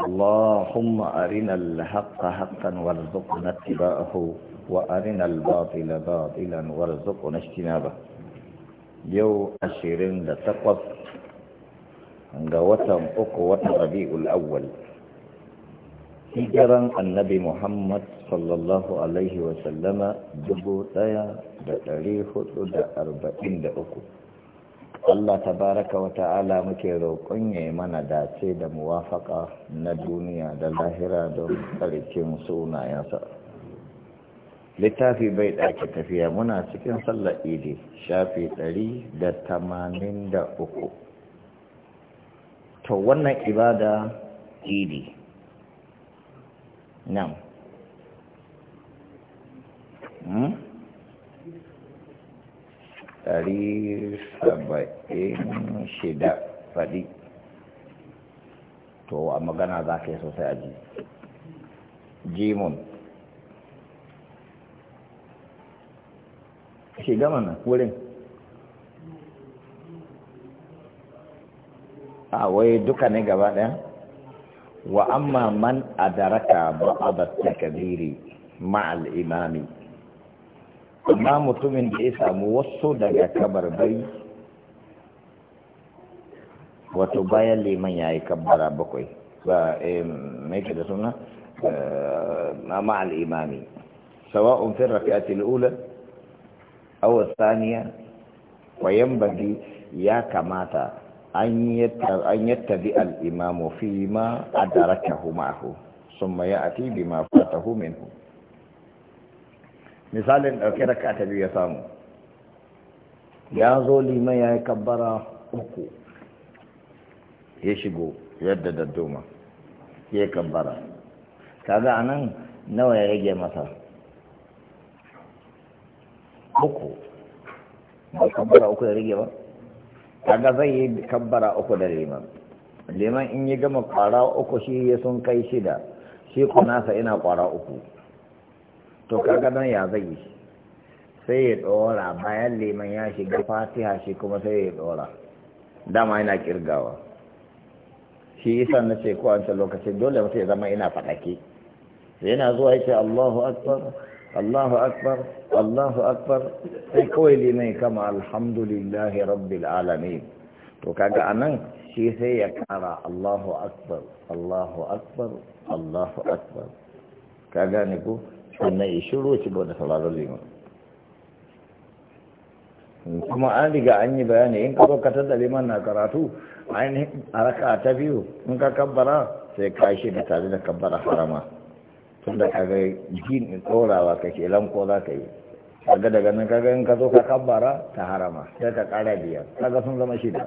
اللهم أرنا الحق حقا وارزقنا اتباعه وأرنا الباطل باطلا وارزقنا اجتنابه يو أشيرين لتقف وتم أقوى ربيع الأول هجرا النبي محمد صلى الله عليه وسلم جبوتايا بتاريخ تدى أربعين لأقوى Allah ta baraka wa ta'ala muke roƙon ya yi mana dace da muwafaka na duniya da lahira don tsarkin sunayensa. Littafi bai ɗaki tafiya muna cikin sallar idi shafi ɗari da tamanin da uku. To wannan ibada idi. Nan. Hmm? dari saba'in shida faɗi to a magana za ka yi sosai a ji jimun shiga mana wurin a wai duka ne gaba ɗaya wa amma man adaraka ba'abat takabiri ma'al imami amma mutumin da ya samu wasu daga kabarbai wato bayan liman ya yi kabbara bakwai ba eh, mai da suna مع الإمام سواء في الركعة الأولى أو الثانية وينبغي يا كماتا أن يتبع الإمام فيما أدركه معه ثم يأتي بما فاته منه misalin ɗauke da katabi biyu ya samu ya zo liman ya yi kabbara uku ya shigo yadda daddoma ya yi kabbara kaga a nan nawa ya rage masa uku ba kabbara uku ya rage ba kaga zai yi kabbara uku da liman liman in yi gama kwara uku shi ya sun kai shida shi kunasa ina kwara uku to kaga nan ya zai yi sai ya dora bayan liman ya shiga fatiha shi kuma sai ya dora dama yana kirgawa shi isa na ce ko an lokacin dole mutum ya zama ina fadake yana zuwa yake Allahu akbar Allahu akbar Allahu akbar sai kawai liman kama alhamdulillahi rabbil alamin to kaga anan shi sai ya kara Allahu akbar Allahu akbar Allahu akbar ka gane ko sannan ya shiru ci da sauraron liman kuma an riga an yi bayani in ka zo ka tada liman na karatu ainihin a raka ta biyu in ka kabbara sai ka shi da tare da kabbara harama tun da ka jin tsorawa ke lanko za ka yi daga daga nan kaga in ka zo ka kabbara ta harama sai ka kara biyar kaga sun zama shida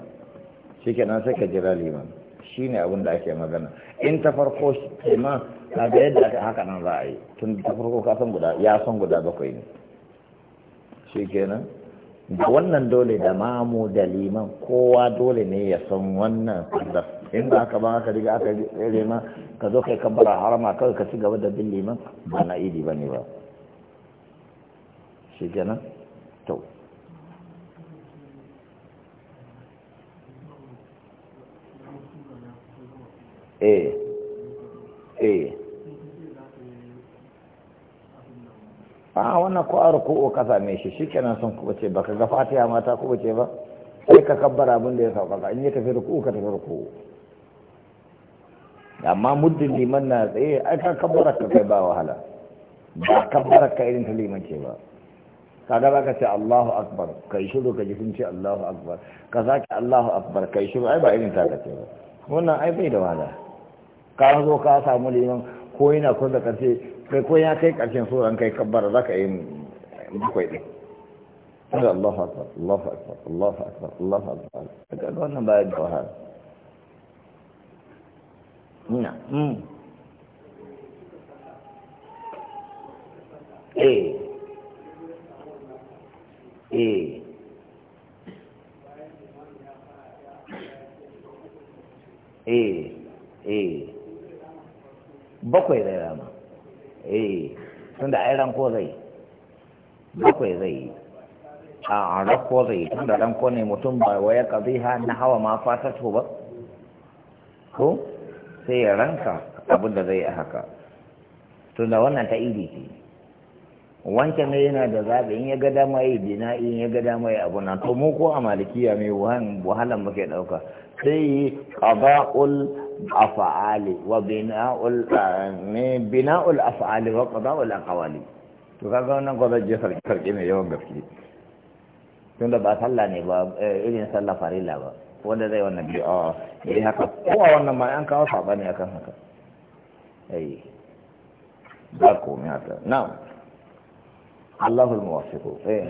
shikenan sai ka jira liman shi ne abin da ake magana in ta farko shi ma na da yadda aka haka nan za a yi tun ta farko ka san guda ya san guda bakwai ne shi kenan da wannan dole da mamu da liman kowa dole ne ya san wannan sallar in ba ka ba aka riga aka rere ma ka zo kai kabbara harama kawai ka ci gaba da bin liman ba na idi ba ne ba shi eh eh a ah, wannan ko a ruku'u ka same shi shikenan sun kuma ce baka ga fatiha mata kuma ce ba sai ka kabbara abin da ya sauƙaƙa in ya tafi ruku'u ka tafi ruku'u amma muddin liman na tsaye ai ka kabbara ka kai ba wahala ba kabbara ka irin ta liman ce ba kaga ba ka ce Allahu akbar kai shiru ka ji sun ce Allahu akbar ka zaki Allahu akbar kai shiru ai ba irin ta ka ce ba wannan ai bai da wahala ka zo ka samu liman ko yana da karshe kai ko ya kai karshen so an kai kabbara za ka yi bukwai ɗin allah Allahu allah Allahu allah Allahu allah Allahu akbar ga wannan bayan da wahala ina mm eh eh eh eh bakwai zai rama eh tun da ai ranko zai bakwai zai yi a ranko zai yi tun da ranko ne mutum ba waya ha na hawa ma fata to ba ko sai ya ranka abin da zai yi haka tun da wannan ta idi ce wancan ne yana da zaɓi in ya ga dama yi dina in ya ga dama yi abu nan to mu ko a malikiya mai wahalan muke ɗauka sai yi qada'ul af'ali wa bina'ul ne bina'ul af'ali wa qada'ul Akawali. to kaga wannan ko zai sarki sarki ne yawan gaske tunda ba sallah ne ba eh, irin sallah farila ba wanda zai wannan biyu a yi haka ko a wannan ma an kawo ne akan haka ai ba komai haka na'am Allahul Muwafiqu. eh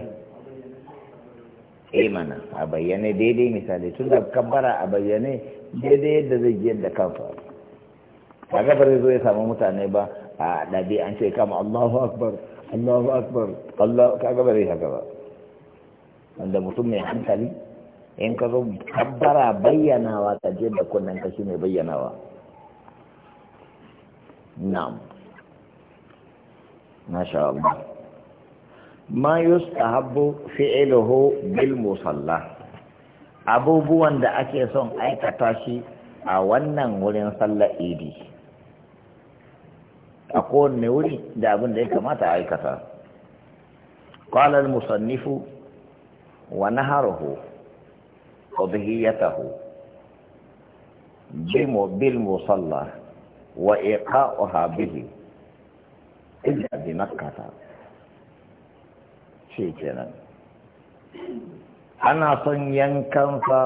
eh mana a bayyane daidai misali tun da kabbara a bayyane daidai yadda zai yi da kansa a gabar zo ya samu mutane ba a dabi an ce kama Allahu akbar Allahu akbar Allah ka gabar ya haka ba wanda mutum mai hankali in ka zo kabbara bayyanawa ka je da kunnen ka shine bayyanawa na'am masha Allah ma yustahabbu fi'luhu bil musalla abubuwan da ake son aikata shi a wannan wurin sallar idi a kowanne wuri da abin da ya kamata a aikata qala al musannifu wa naharuhu udhiyatahu bil musalla wa iqa'uha bihi illa bi makkah ce kenan ana son yankansa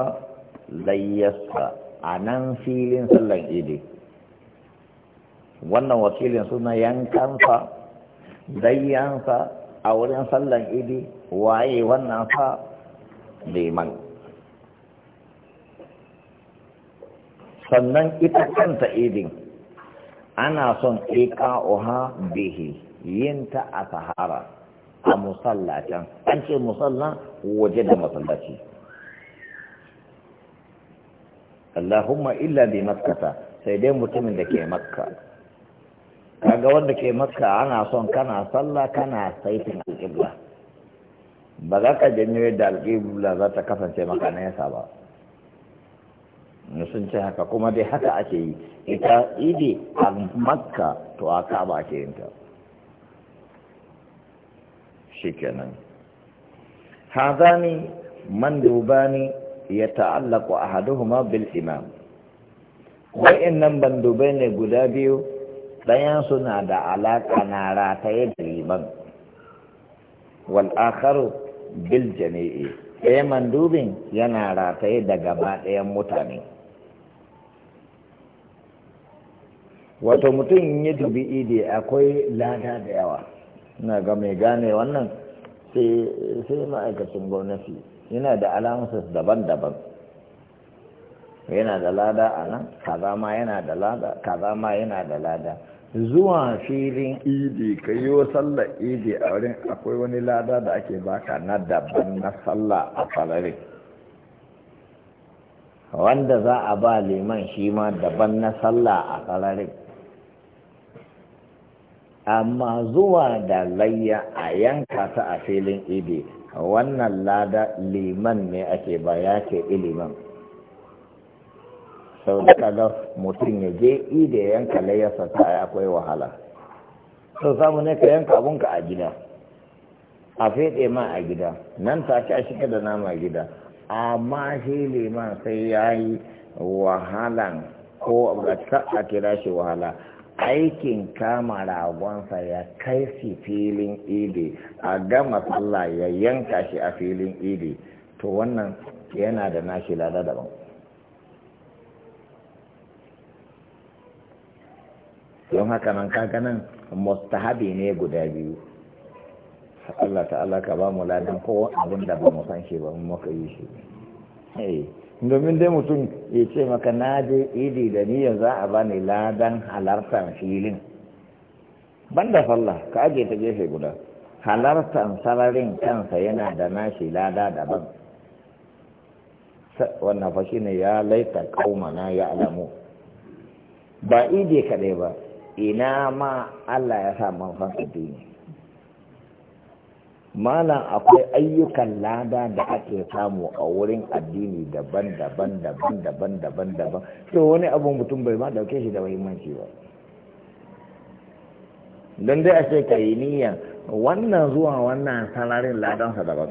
layyarsa a nan filin sallan idi wannan wakilin suna yankansa layyansa a wurin sallan idi waye wannan sa liman sannan ita kanta idin ana son ika'uha bihi yinta a sahara a musalla can an ce musalla waje da masallaci Allahumma illa bi makkata sai dai mutumin da ke makka kaga wanda ke makka ana son kana sallah kana saitin alƙibla ba za ka janyo yadda alƙibla za ta kasance maka yasa ba sun ce haka kuma dai haka ake yi ita idi a makka to a kaba ake yinta shikenan hazani mandubani ta'allaku ahaduhuma bil imam wa'annan bandubai ne guda biyu ɗayan suna da alaƙa na rataye da liman wal akharu bil jami'i ɗaya mandubin yana rataye da gaba ɗayan mutane wato mutum ya dubi idi akwai lada da yawa na ga mai gane wannan sai ma'aikacin gwamnati yana da alamansa daban-daban yana da lada a nan kaza ma yana da lada ma yana da lada zuwa filin idi ka yi wa sallar idi a wurin akwai wani lada da ake baka na daban na sallah a farare wanda za a ba liman shi ma daban na sallah a farare amma zuwa da layya a yanka ta a filin idi wannan lada liman ne ake ba ya ce iliman sau da kaga mutum ya je ida yanka layyarsa ta akwai wahala sau samu ne ka yanka abunka a gida a fede ma a gida nan ta ci a shiga da nama gida amma shi liman sai ya yi wahalan ko a kira shi wahala aikin kama ragonsa ya kai shi filin idi a gama sallah ya yanka shi a filin idi to wannan yana da nashi lada daban don haka nan kaga nan mustahabi ne guda biyu Allah ta'ala ka ba mu ladan kowa abin da ba mu san shi ba mu muka yi shi eh. domin dai mutum ya ce maka na je idi da niyyar za a bani ladan halartar filin banda sallah ka aje ta gefe guda halartar sararin kansa yana da nashi lada daban wannan fa ne ya laita kaumana ya alamu ba idi kaɗai ba ina ma Allah ya sa manfan addini Mana akwai ayyukan lada da ake samu a wurin addini daban-daban daban-daban daban-daban to wani abu mutum bai ma dauke shi da muhimmanci ba don dai a ce ka yi niyyar wannan zuwa wannan salarin ladansa daban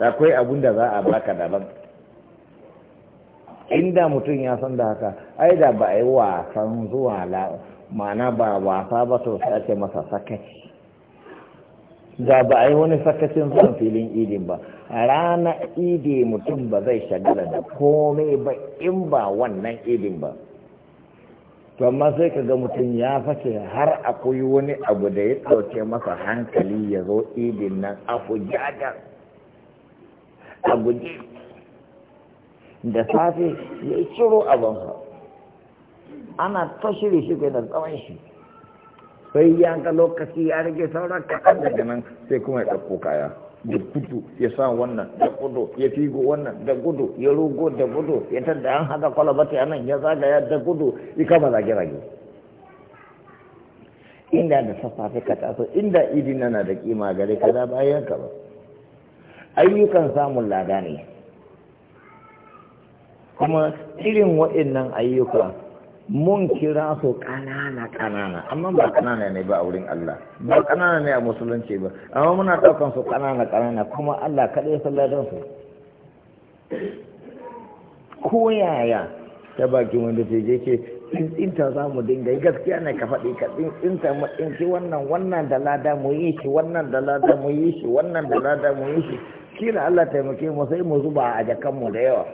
akwai abun da za a baka daban inda mutum ya san da haka ai da ba a yi wasan zuwa ma'ana ba wasa ba to sai ake masa sakaci da ba a yi wani sakacin son filin idin ba a rana idi mutum ba zai shagala da komai ba in ba wannan idin ba to amma sai ka ga mutum ya fake har akwai wani abu da ya ɗauke masa hankali ya zo idin nan a fujagar a guje da safe ya ciro abinsa ana ta shiri shi da tsawon shi sai ya ga lokaci ya rage sauran kaɗan daga nan sai kuma ya ɗauko kaya da gudu ya sa wannan da gudu ya figo wannan da gudu ya rogo da gudu ya tadda an haɗa kwalabata nan ya zagaya da gudu ya kama zage-zage inda da safafe ka taso inda idin na da kima gare ka da bayan ka ba ayyukan samun lada ne kuma irin waɗannan ayyukan. mun kira su ƙanana kanana amma ba kanana ne ba a wurin Allah ba ƙanana ne a musulunci ba amma muna ɗaukan su kanana kanana kuma Allah kaɗai ya salladan su ko yaya ta baki wanda ta je ke tsinta za mu dinga gaskiya ne ka faɗi ka tsinta mu tsinci wannan wannan da lada mu yi shi wannan da lada mu yi shi wannan da lada mu yi shi kila Allah taimake mu sai mu zuba a jakan mu da yawa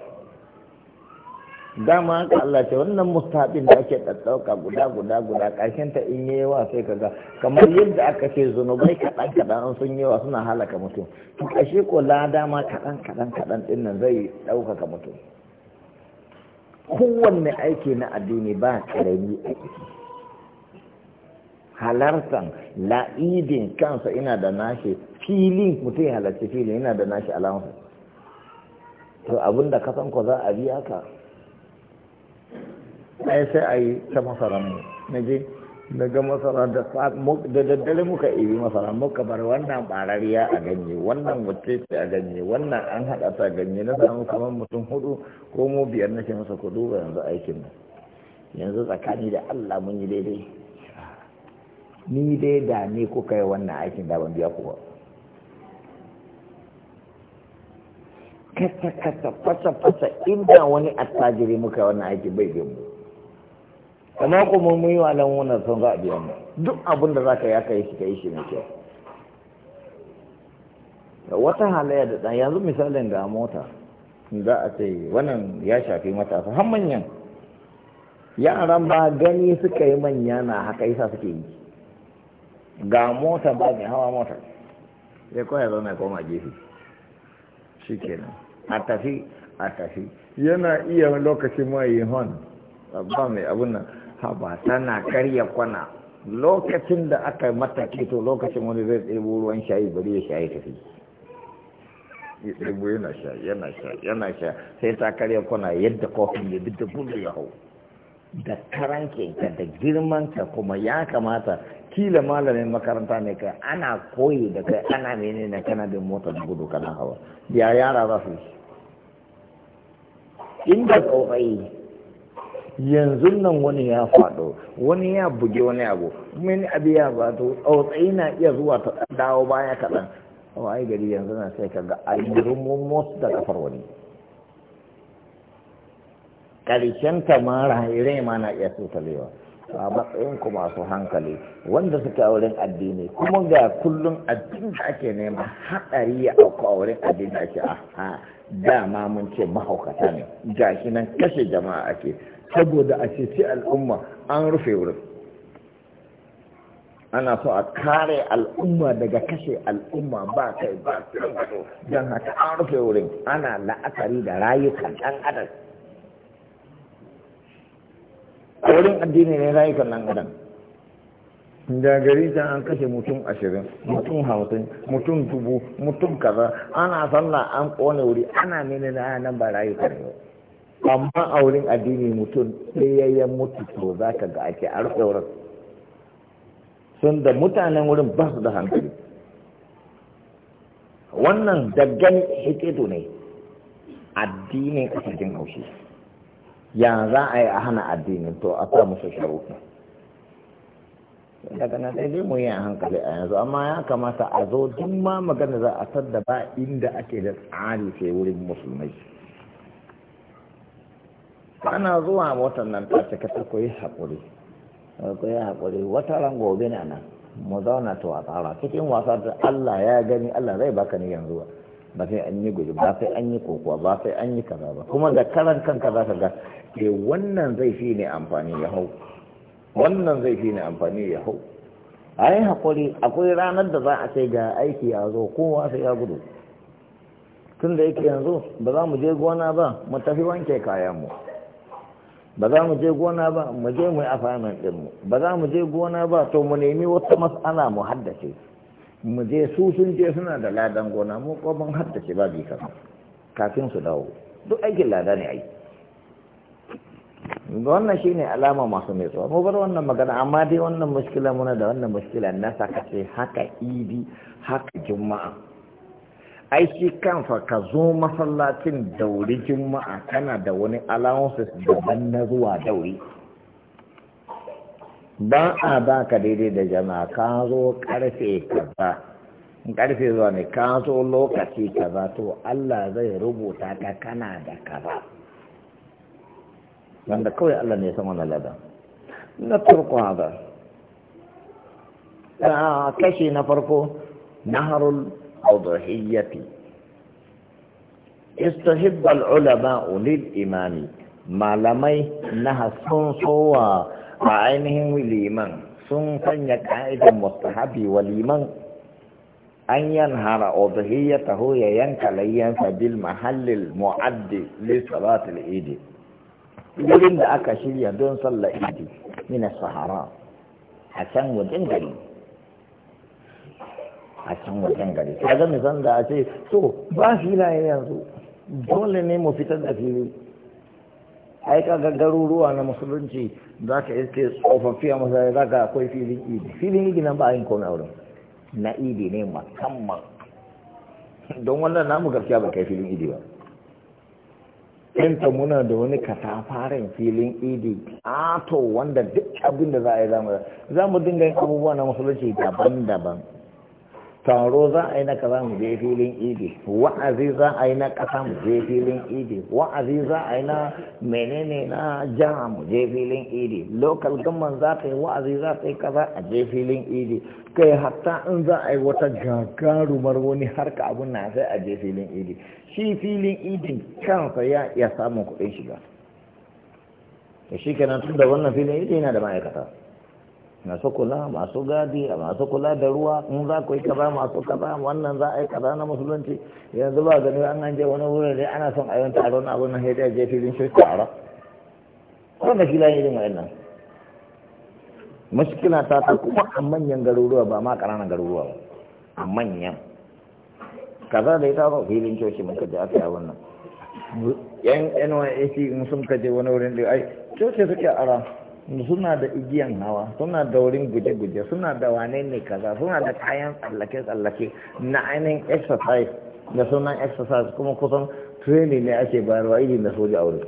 dama haka Allah ce wannan mustaɓin da ake ɗaɗɗauka guda guda guda ƙarshen ta in yi yawa sai ka ga kamar yadda aka ce zunubai kaɗan kaɗan an sun yawa suna halaka mutum to ƙashe ko la dama kaɗan kaɗan kaɗan ɗin nan zai ɗaukaka mutum kowanne aiki na addini ba ƙarami aiki halartan la'idin kansa ina da nashi fili mutum ya halarci fili ina da nashi alamu to abinda ka san ko za a biya ka ɗaya sai a yi ta masara mu na je daga masara da daddare muka iri masara muka bar wannan barariya a ganye wannan wacce ce a ganye wannan an haɗa ta ganye na samu kamar mutum hudu ko mu biyar na ke masa kudu ba yanzu aikin mu yanzu tsakani da allah mun yi daidai ni dai da ni kuka yi wannan aikin da ban biya ku ba kasa kasa fasa fasa inda wani attajiri muka yi wannan aikin bai biyan mu kama kuma mun yi wa lamunan sun za a biya mu duk abin da za ka yi aka yi shi ka yi shi ne kyau wata halayya da dan yanzu misalin ga mota za a ce wannan ya shafi matasa har manyan yaran ba gani suka yi manya na haka yasa suke yi ga mota ba mai hawa mota ya kawai zo mai koma gefe shi kenan a tafi a tafi yana iya lokacin mai hon ba mai abun nan ba tana karya kwana lokacin da aka mata keto lokacin wani zai tsebo ruwan shayi bari ya shayi tafi ya yana sha yana sha yana sha sai ta karya kwana yadda kofin ya bidda da bulu ya hau da karankinka da girmanka kuma ya kamata kila malamin makaranta ne kai ana koyi da kai ana mene ne kana bin motar gudu kana hawa ya yara za su yi inda tsofai yanzu nan wani ya faɗo wani ya buge wani abu mini abu ya bato tsautsayi na iya zuwa ta dawo baya kaɗan ai gari yanzu na sai kaga aljirumun da kafar wani ƙarshen ta irin ma na iya talewa a matsayin ku masu hankali wanda suke auren addini kuma ga kullum addini da ake nema haɗari ya auku wurin addini ake a dama mun ce mahaukata ne gashi nan kashe jama'a ake saboda a ceci al'umma an rufe wurin ana so a kare al'umma daga kashe al'umma ba kai ba don haka an rufe wurin ana la'akari da rayukan ɗan adam wurin addini ne rayukan ɗan adam da gari can an kashe mutum ashirin mutum hamsin mutum dubu mutum kaza ana sallah an kone wuri ana nene na nan ba rayukan ne amma a wurin addini mutum sai yayyan mutu to za ka ga ake a rufe wurin sun da mutanen wurin ba su da hankali wannan daggan hikidu ne addinin a cikin haushi ya za a yi a hana addinin to a sa musu sharuɗa daga na sai mu yi a hankali a yanzu amma ya kamata a zo duk ma magana za a sadda ba inda ake da tsari sai wurin musulmai ana zuwa watan nan ta ka ta koyi haƙuri koyi haƙuri wata ran gobe na nan mu zauna ta wasa tsara cikin wasa da Allah ya gani Allah zai baka ni yanzu ba sai an yi guji ba sai an yi kokowa ba sai an yi kaza ba kuma da karan kanka za ka ga ke eh, wannan zai fi ne amfani ya hau wannan zai fi ne amfani ya hau a yi haƙuri akwai ranar da za a ce ga aiki ya zo kowa sai ya gudu tun da yake yanzu ba za mu je gona ba mu tafi wanke kayanmu ba za mu je gona ba mu je mu yi afanan ɗinmu ba za mu je gona ba to mu nemi wata mas'ala mu haddace mu je su sun je suna da ladan gona mu ko ban haddace ba bi kafin su dawo duk aikin lada ne ai wannan shine alama masu mai tsawo mu bar wannan magana amma dai wannan muskila muna da wannan muskila na sakace haka idi haka juma'a ai shi kanfa ka zo masallacin dauri juma'a kana da wani allowances daban na zuwa dauri ba a ba ka daidai da jama'a ka zo karfe kaza karfe zuwa ne ka zo lokaci kaza to Allah zai rubuta ka kana da kaza wanda kawai Allah ne ya san wannan ladan na turku A ah, kashi na farko naharul أضحية استحب العلماء للإمام ما لمي نها سنصوى عينهم الإمام سنصن يكعيد مستحبي والإمام أن ينهر أضحيته ينك لينفى بالمحل المعد لصلاة العيد wurin da aka صلى don من الصحراء حسن ودنجل a can wajen gari ta ga misan da a ce to ba filaye yanzu dole ne mu fitar da fili ai kaga garuruwa na musulunci za ka iske tsofaffi a masarai za ka akwai filin idi filin idi nan ba a yin kone wurin na idi ne musamman don wannan namu gaskiya ba kai filin idi ba ɗinta muna da wani katafaren filin idi ato wanda duk abin da za a yi zamu za mu dinga yin abubuwa na musulunci daban-daban taro za a yi na kaza mu je filin idi wa'azi za a yi na kasa mu je filin idi wa'azi za a yi na menene na jiha mu je filin idi local government za ta yi wa'azi za ta yi kaza a je filin idi kai hatta in za a yi wata gagarumar wani harka abun na sai a je filin idi shi filin idin kansa ya iya samun kuɗin shiga shi kenan tun da wannan filin idi yana da ma'aikata masu kula masu gadi masu kula da ruwa in za ku yi kaza masu kaza wannan za a yi kaza na musulunci yanzu ba gani an an je wani wurin dai ana son a yi taro na abin nan sai da je filin shi taro wanda shi layin irin wa'annan mashkila ta ta kuma a manyan garuruwa ba ma ƙananan garuruwa ba a manyan kaza da ita ba filin coci muka je aka yi wannan yan yan wa'annan sun kaje wani wurin da ai coci suke ara suna da igiyan hawa suna da wurin guje-guje suna da wane ne kaza suna da kayan tsallake-tsallake na ainihin exercise da sunan exercise kuma kusan training ne ake bayarwa iri na soja a wurin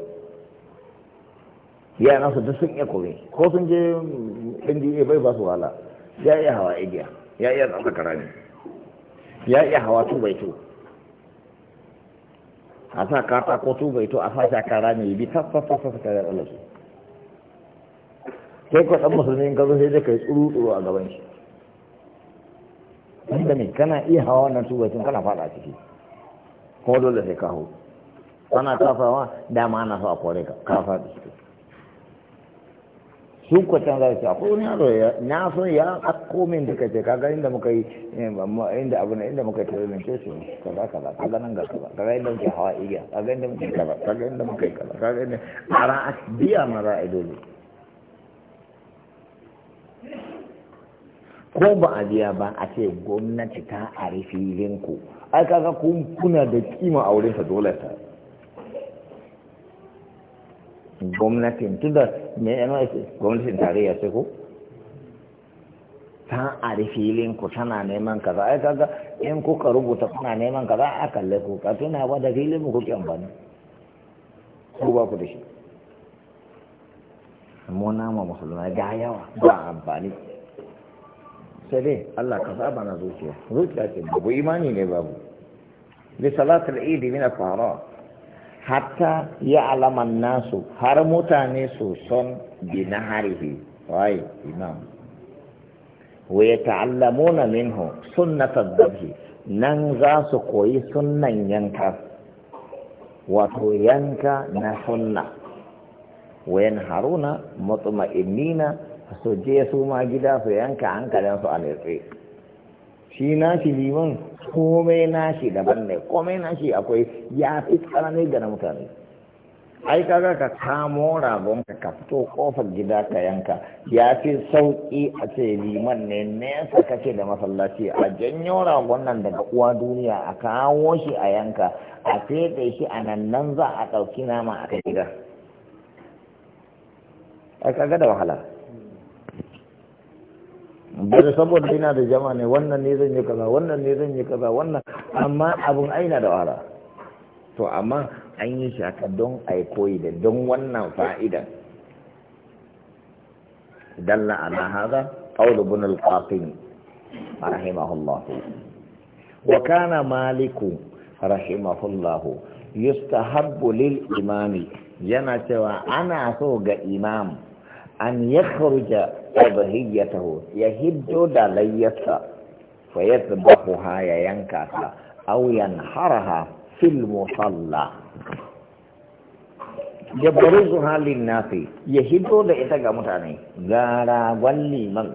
yana su duk sun iya kome ko sun je nda bai ba su wala ya iya hawa igiya ya iya tsaka karami ya iya hawa tu bai tu a sa kata ko tu bai tu a sa shakara mai bi tafafafafa da kai kwasan musulmi ka zo sai dai kai tsuru tsuru a gaban shi wanda ne kana iya hawa wannan tubacin kana fada ciki kuma dole sai ka hau kana kafawa dama ana so a kore ka da shi su ko can za su akwai wani yaro ya na so ya akko min duka ce kaga inda muka yi inda abu ne inda muka yi tare ce su kaza kaza kaga nan ga kaza kaga inda muke hawa iya kaga inda muke kaza kaga inda muke kaza kaga inda ara biya mara idoli ko ba a biya ba a ce gwamnati ta a filin ku ai kaga kun kuna da kima a wurin sa dole ta gwamnatin tunda me yana gwamnatin tarayya sai ko ta a filin ku tana neman kaza ai kaga in kuka rubuta kuna neman kaza a kalle ku ka tuna ba da filin mu kuke amfani ku ba ku da shi mu na ma musulmai ga yawa ba amfani sai dai Allah ka saba na zuciya zuciya ce babu imani ne babu li salatul idi min al-fara hatta ya alama nasu har mutane su son binaharihi wai imam wa yata'allamuna minhu sunnatar dabhi nan za su koyi sunnan yanka wato yanka na sunna wa yanharuna mutma'innina su je su ma gida su yanka hankalin su a nutse shi nashi liman komai nashi daban ne komai nashi akwai ya fi tsanani da na mutane ai kaga ka kamo ragon ka ka fito kofar gida ka yanka ya fi sauki a ce liman ne nesa kake da masallaci a janyo ragon nan daga uwa duniya a kawo shi a yanka a fete shi a nan nan za a ɗauki nama a gida ai kaga da wahala da saboda ina da jama ne wannan ne zan yi kaza wannan ne zan yi kaza wannan amma abun aina da wara to amma an yi shaka don yi koyi da don wannan fa'ida. dalla ala hada qawl ibn al-qasim rahimahullah wa kana maliku rahimahullah yustahabbu lil imami yana cewa ana so ga imam an ta ho ya hiddo da layyarsa fa ya yadhbahuha ya yanka ta auyan yanharaha filmusalla musalla yabruzuha lin nasi ya hiddo da ita ga mutane gara gwalli man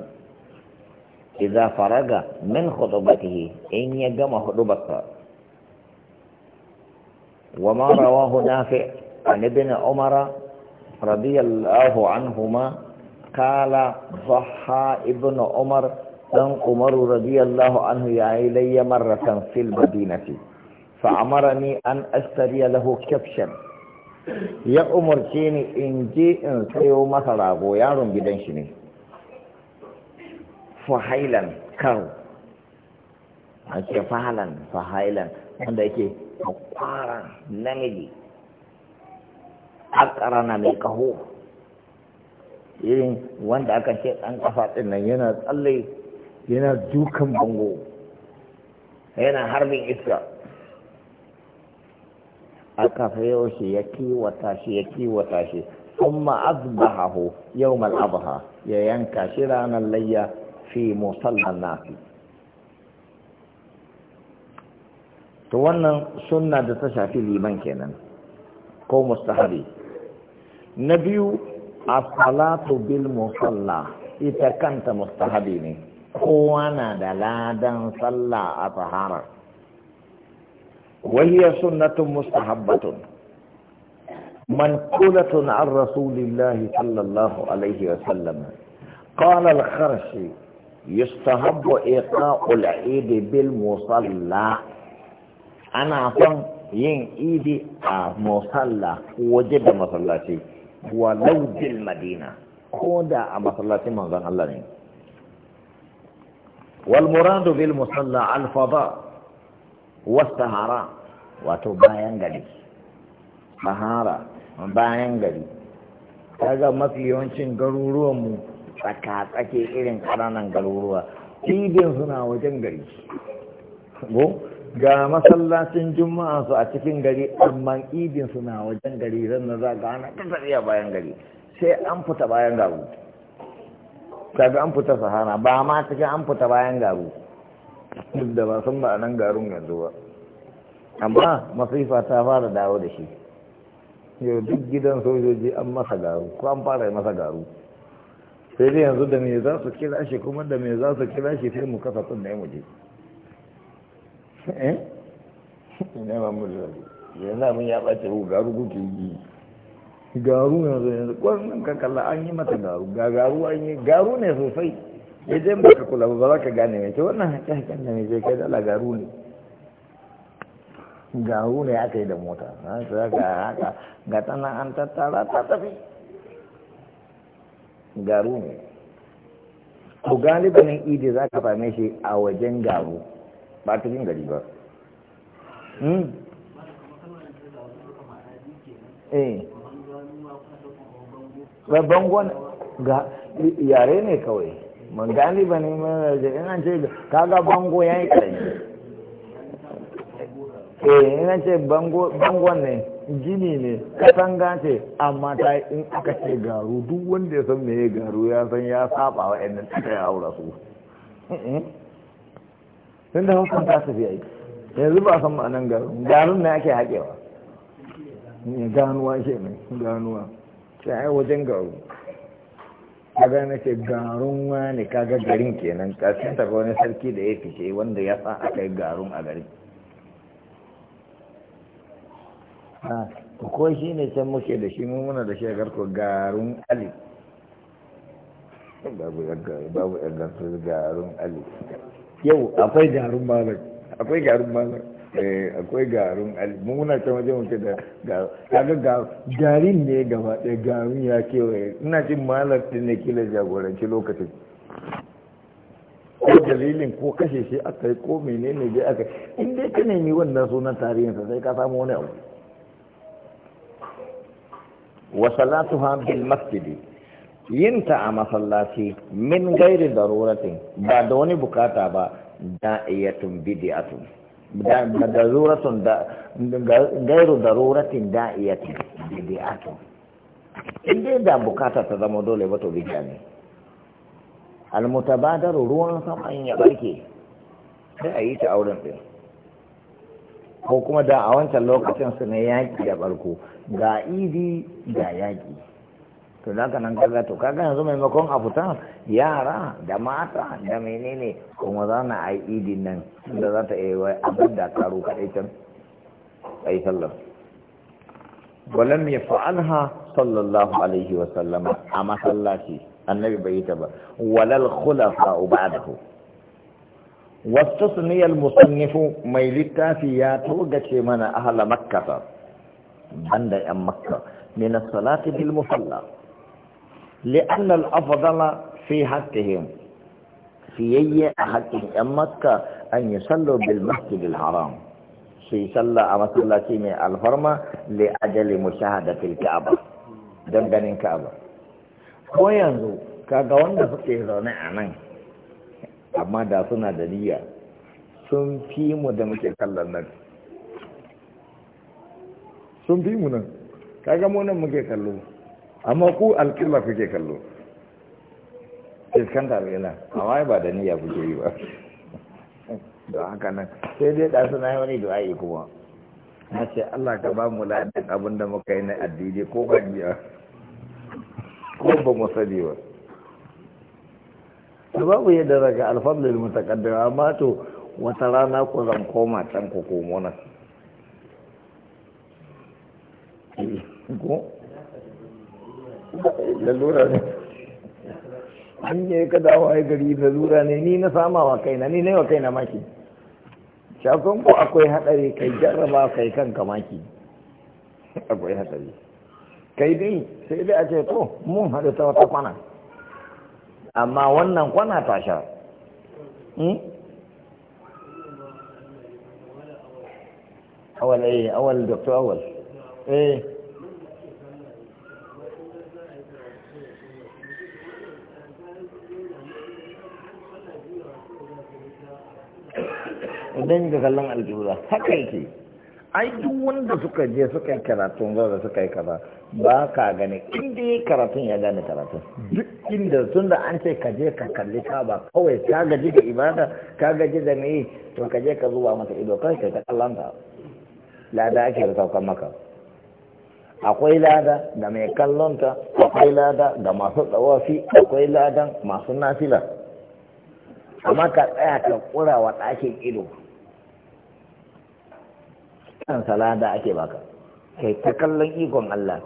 Iza faraga min khutbatihi in ya gama hudubarsa wa ma rawahu nafi' عن ابن عمر radiyallahu anhuma kala zaha ibnu umar ɗan umaru radiyallahu anhu yayi layya marratan fil madinati fa amarani an astariya lahu kafshan ya umarce ni in je in sayo masa rago yaron gidan shi ne fahailan kar a ce fahalan fahailan wanda yake kwaran namiji akarana mai kaho irin wanda aka ce ɗan kafa ɗin nan yana tsalle yana dukan bango yana harbin iska aka fayo shi ya kiwata shi ya kiwata shi kuma azbahahu yawmal abha ya yanka shi ranar layya fi musallan nafi to wannan sunna da ta shafi liman kenan ko mustahabi نبيو الصلاة بالمصلى إذا كنت مستهديني وانا دلادا صلى أطهارا وهي سنة مستحبة منقولة عن رسول الله صلى الله عليه وسلم قال الخرش يستحب إيقاء العيد بالمصلى أنا أصلا ين إيدي مصلى وجد مصلاتي walau bil madina ko da a masallacin manzon Allah ne wal muradu bil musalla al fada was sahara wato bayan gari sahara bayan gari kaga mafi yawancin garuruwan mu tsaka tsake irin ƙananan garuruwa tidin suna wajen gari go ga masallacin juma'a su a cikin gari amma idin suna wajen gari zan na za ga ana iya bayan gari sai an fita bayan garu kaga an fita sahara ba ma cikin an fita bayan garu duk da ba san ba nan garun yanzu ba amma masifa ta fara dawo da shi yau duk gidan sojoji an masa garu ko an fara masa garu sai dai yanzu da me za su kira shi kuma da me za su kira shi sai mu kasa tun da ya muje Eh? ina ba da yanzu abin ya ɓace ko oh, garu kuke yi garu yanzu kwanan ka kalla an yi mata garu ga garu an yi garu ne sosai baka kula ba za ka gane mai ce wannan da mai je kai dala garu ne garu ne aka yi da mota na su ga haka ga tana an tattara ta tafi garu ne ko galibanin idi za ka fame shi a wajen garu ba ta cikin gari ba hmm? eh. ba bangon ga yare ne kawai man gani ba ne mai da ina ce kaga bango ya yi karni eh ina ce bangon ne gini ne katanga ce amma ta in aka ce garu duk wanda ya san me ya garu ya san ya saba wa ɗan ta ya aura su hmm, hmm. tun da hausa ta tafi yi yanzu ba san ma'anan garin garin na ake haƙewa ganuwa ke mai ganuwa ce ai wajen garu ka gane ce garun wani kaga garin kenan ƙarshen ta wani sarki da ya fice wanda ya sa aka yi garun a garin ko shi ne can muke da shi mun muna da shi a garko garun ali babu su garun ali yau akwai garin malam akwai garin malam eh, akwai garin alimu muna ta waje wuce da kaga ga garin ne gaba ɗaya garin ya kewaye ina jin malam din ne kila jagoranci lokacin ko dalilin ko kashe shi aka yi ko menene dai aka in dai ka nemi wannan sunan tarihinsa sai ka samu wani abu wa salatuha bil masjidi Yin ta a masallaci min gairi daruratin ba da wani bukata ba da'iyatun bidiyatun da daruratun da gairu daruratin da'iyatun bidiyatun in da bukata ta zama dole ba to bid'a ne almutabadaru ruwan sama ya barke sai a yi ta auren din ko kuma da a wancan lokacin su ne yaƙi da barko ga idi ga yaƙi to ka nan kaga to kaga yanzu maimakon a fita yara da mata da menene kuma za na a yi nan da za ta iya wai abin da karo kaɗai can a yi sallar walam ya fa'alha sallallahu alaihi wa sallama a masallaci annabi bai yi ta ba walal khulafa ubadahu wastasniya al-musannif mai littafi ya togace mana ahla makkah banda yan makka min as-salati bil musalla لأن الأفضل في حقهم fiyayye a haƙƙin 'yan makka an yi sallo bil masjidil haram su sallah a masallaci mai alfarma le ajali mushahadatil ka'aba don ganin ka'aba ko kaga wanda zaune a nan amma da da sun fi mu da muke kallon nan sun fi mu nan kaga mu nan muke kallo amma ku alƙilla kuke kallo iskanta alƙilla amma ba da niyya kuke yi ba don haka nan sai dai ɗansu na yi wani du'a'i kuma na ce Allah ka ba mu ladan abin da muka yi na addini ko ba biya ko ba mu sani ba to babu yadda daga alfadlil mutaqaddim amma to wata rana ku zan koma can ku komo nan ko lalura ne an yi ka dawa ya gari lalura ne ni na sama wa kaina ni ne wa kaina maki shakon ko akwai hadari kai jarraba kai kanka maki akwai hadari kai dai sai dai a ce to mun haɗu ta wata kwana amma wannan kwana ta sha hmm? awal eh awal doctor awal eh ga kallon alƙibla haka yake ai duk wanda suka je suka yi karatun da suka yi kaza ba ka gane inda ya karatun ya gane karatun duk inda tun da an ce ka je ka kalli ka ba kawai ka gaji da ibada ka gaji da mai to ka je ka zuwa mata ido kai ka ta kallon ka lada ake da saukan maka akwai lada da mai kallon ta akwai lada da masu tsawafi akwai ladan masu nafila amma ka tsaya ka kura wa ɗakin ido kan salada ake baka kai ta kallon ikon Allah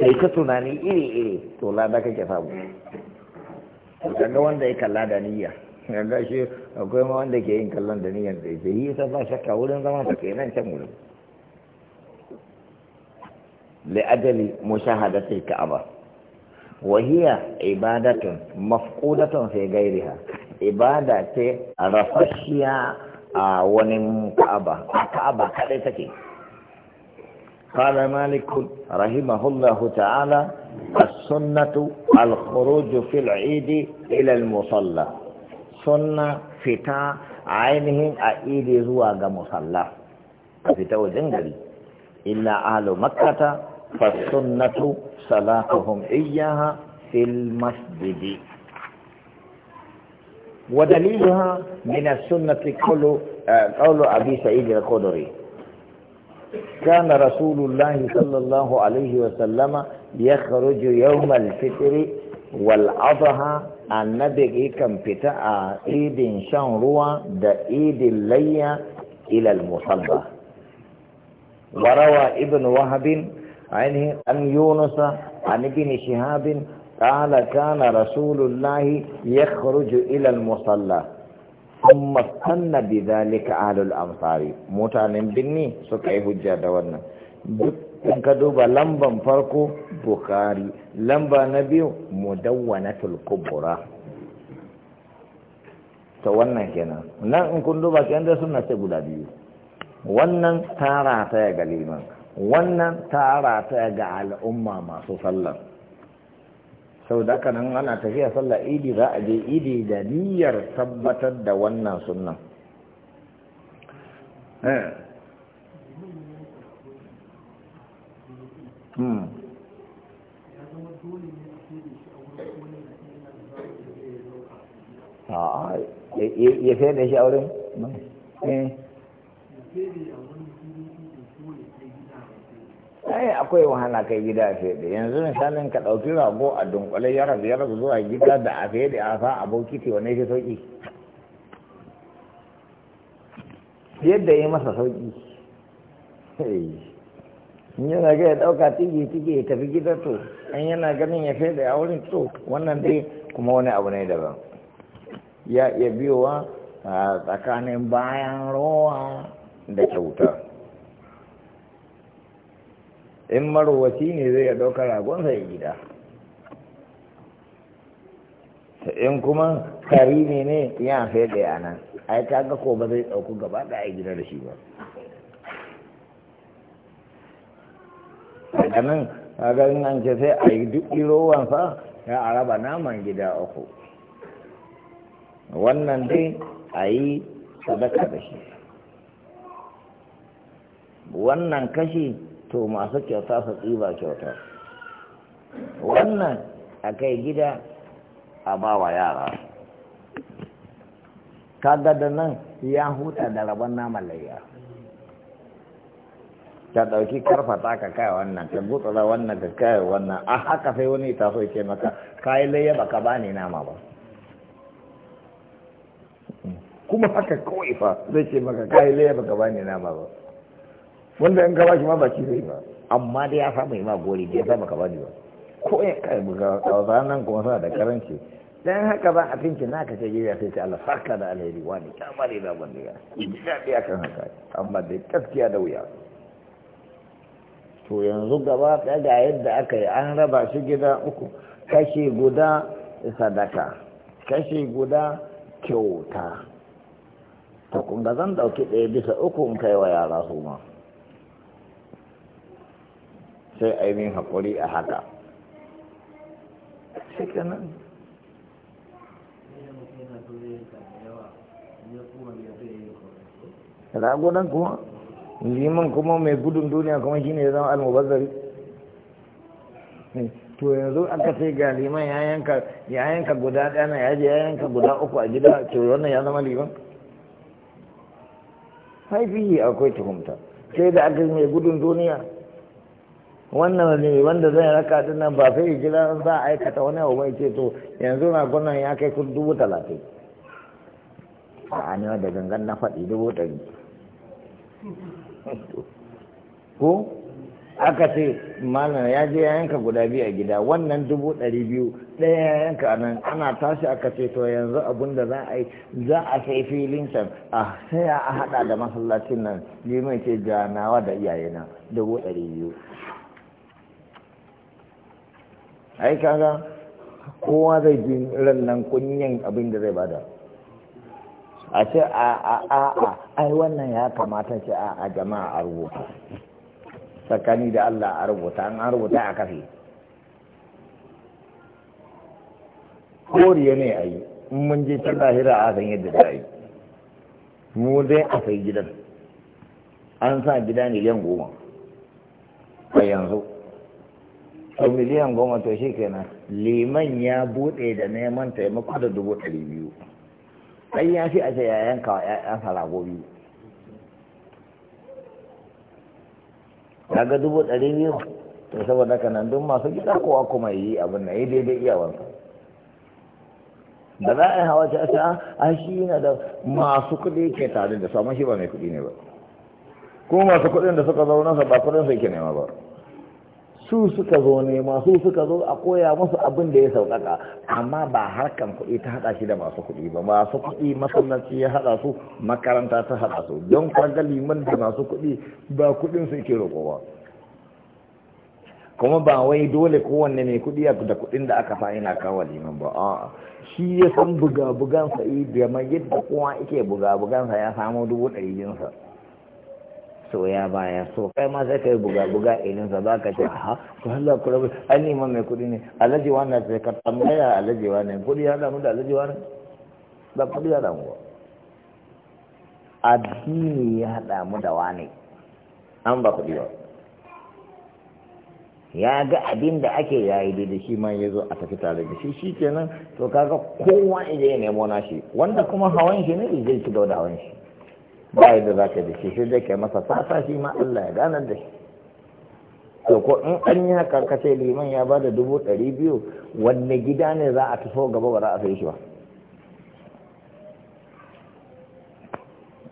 kai ka tunani iri-iri to lada kake samu kaga wanda ya kalla da niyya kaga shi akwai ma wanda ke yin kallon da niyyar da ya yi ta ba shakka wurin zama ta nan can wurin ka aba الكعبة وهي عبادة مفقودة في غيرها عبادة rafashiya a wani ka'aba ka'aba kadai take قال مالك رحمه الله تعالى السنة الخروج في العيد إلى المصلى سنة فتاة عينهم أعيد زواج مصلى فتاة وجنجري إلا أهل مكة فالسنة صلاتهم إياها في المسجد ودليلها من السنة قول قول أبي سعيد الخدري كان رسول الله صلى الله عليه وسلم يخرج يوم الفطر والأضحى النبي كم فتاة عيد شان روى دا عيد الليا إلى المصلى وروى ابن وهب عنه عن يونس عن ابن شهاب قال كان رسول الله يخرج إلى المصلى ثم استنى بذلك أهل الأمصار متعن بالني سكعي حجة دورنا in ka duba lamban farko bukari lamba na biyu wannan kenan nan in kun duba kenan da suna ce guda biyu wannan tara ta ga liman wannan tara ta ga al'umma masu sallar sau da haka nan ana tafiya sallah idi za a je idi da niyyar tabbatar da wannan sunan. Eh. Hmm. ya da shi wurin? Hmm. Eh. ai akwai wahala kai gida a fede yanzu misalin ka ɗauki rago a dunkule ya rabu ya rabu zuwa gida da a fede a sa a bokiti wane shi sauƙi yadda ya masa sauƙi in yana ga ya ɗauka tigi tigi ya tafi gida to an yana ganin ya fede a wurin to wannan dai kuma wani abu ne daban ya iya biyowa ah, tsakanin bayan rowa da kyauta in marwaci ne zai ya ɗauka ragonsa ya gida in kuma kari ne ne ya fi da nan ai kaga ko ba zai ɗauku gaba da a gida da shi ba daga nan kaga in an ce sai a yi duk irowansa ya raba naman gida uku wannan dai a yi sadaka da shi wannan kashi to masu kyauta su tsiba kyauta wannan a kai gida a ba wa yara kaga da nan ya huta da rabon nama layya ta ɗauki karfata ka kai wannan ta gutsura wannan ka kai wannan a haka sai wani ta so ke maka kayi layya ba ka bani nama ba kuma haka kawai fa zai ce maka kayi layya ba ka bani nama ba wanda in ka shi ma baki zai ba amma dai ya samu ma gori da ya samu ka bani ba ko ya kai buga nan kuma suna da karanci dan haka ba a finci ka ce gida sai ta Allah farka da alheri wani kamar da wanda ya ji daɗi kan haka amma dai gaskiya da wuya to yanzu gaba ɗaya ga yadda aka yi an raba shi gida uku kashi guda sadaka kashi guda kyauta to kunga zan ɗauki ɗaya bisa uku in kai wa yara su ma sai a yi min haƙuri a haka ragunan kuma liman kuma mai gudun duniya kuma shine ya zama almubazzari to yanzu aka sai ga liman ya yanka guda ɗana, ya ji ya yanka guda uku a gida to wannan ya zama liman haifi akwai tuhumta sai da aka mai gudun duniya wannan ne wanda zai raka din nan ba sai jira za a aikata wani abu mai ce to yanzu na gwanan ya kai kun dubu talatin a ne da gangan na faɗi dubu ɗari ko aka ce malam ya je ya yanka guda biyu a gida wannan dubu ɗari biyu ɗaya ya yanka nan ana tashi aka ce to yanzu abun da za a yi za a sai filin can a sai a haɗa da masallacin nan liman ce ga nawa da iyayena dubu ɗari biyu ai kaga kowa zai ji rannan kunyan abin da zai bada a ce a a a a ai wannan ya kamata ce a a jama'a a rubuta tsakani da Allah a rubuta an rubuta a kafe koriya ne a yi in mun je ta lahira a san yadda ta yi mu dai a sai gidan an sa gida miliyan goma a yanzu to miliyan goma to shi kenan liman ya buɗe da neman taimako da dubu ɗari biyu ɗan ya fi ake yayan ya yanka wa biyu kaga dubu ɗari biyu to saboda haka nan duk masu gida kowa kuma yi abin na yi daidai iyawarsa da za a yi hawa a ta a ah, shi yana da masu kuɗi ke tare da samun shi ba mai kuɗi ne ba kuma masu kuɗin da suka zauna su ba kuɗin sai ke nema ba su suka zo nema su suka zo a koya masu abin da ya sauƙaƙa amma ba harkan kuɗi ta haɗa shi da masu kuɗi ba masu kuɗi masallaci ya haɗa su makaranta ta haɗa su don kwaga liman da masu kuɗi ba kuɗin su ke roƙo ba kuma ba wai dole kowanne mai kuɗi da kuɗin da aka sa yana kawo liman ba a'a shi ya san buga bugansa eh, da yadda kowa yake buga bugansa ya samo dubu ɗari yinsa. ya baya so kai ma sai kai buga buga irin sa zaka ce ha to Allah ku rabu an nima mai kudi ne alaji wannan sai ka tambaya alaji wannan kudi ya damu da alaji wannan da kudi ya damu addini ya damu da wani an ba kudi ba ya ga abin da ake yayi da shi ma ya zo a tafi tare da shi shi kenan to kaga kowa idan ya nemo nashi wanda kuma hawan shi ne zai ci gaba da hawan shi ba yadda za ka dace shi zai kai masa fata shi ma Allah ya ganar da shi to ko in an yi haka ka ce liman ya ba da dubu ɗari biyu wanne gida ne za a so gaba ba za a sai shi ba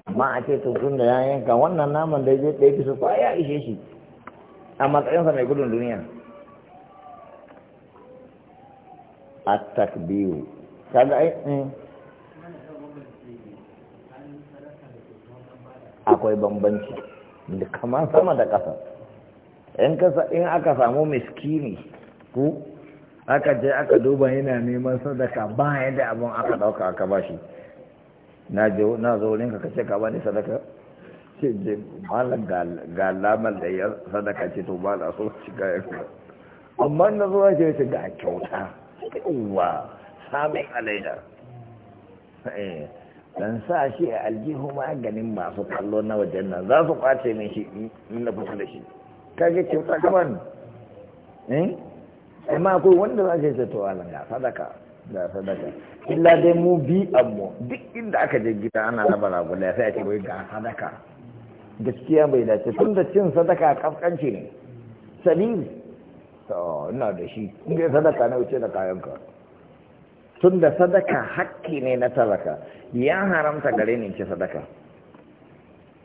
amma a ce tun da ya yanka wannan naman da zai ɗaya su ba ya ishe shi a matsayinsa mai gudun duniya a takbiru kaga ai mm, akwai bambanci da kama sama da ƙasa in aka samu miskini ku aka je aka duba yana neman sadaka ba yadda abin aka ɗauka aka ba na zo wurinka ka ce ka bani sadaka ce je malam ga lamar da ya sadaka ce to ba na so shiga ya fi amma na zuwa ce ce ga kyauta yawwa samun alaida eh. dan sa shi a aljihu maganin masu kallo na wajen nan za su kwace min shi na kusa da shi Ka kage ce kaman eh amma akwai wanda za ka yi ta alan ga sadaka da sadaka illa dai mu bi amma duk inda aka je gida ana raba ragula sai a ce wai ga sadaka gaskiya bai dace tun da cin sadaka kafkanci ne sabili to ina da shi in sadaka na wuce da kayanka tun da sadaka hakki ne na sadaka ya haramta gare ne ke sadaka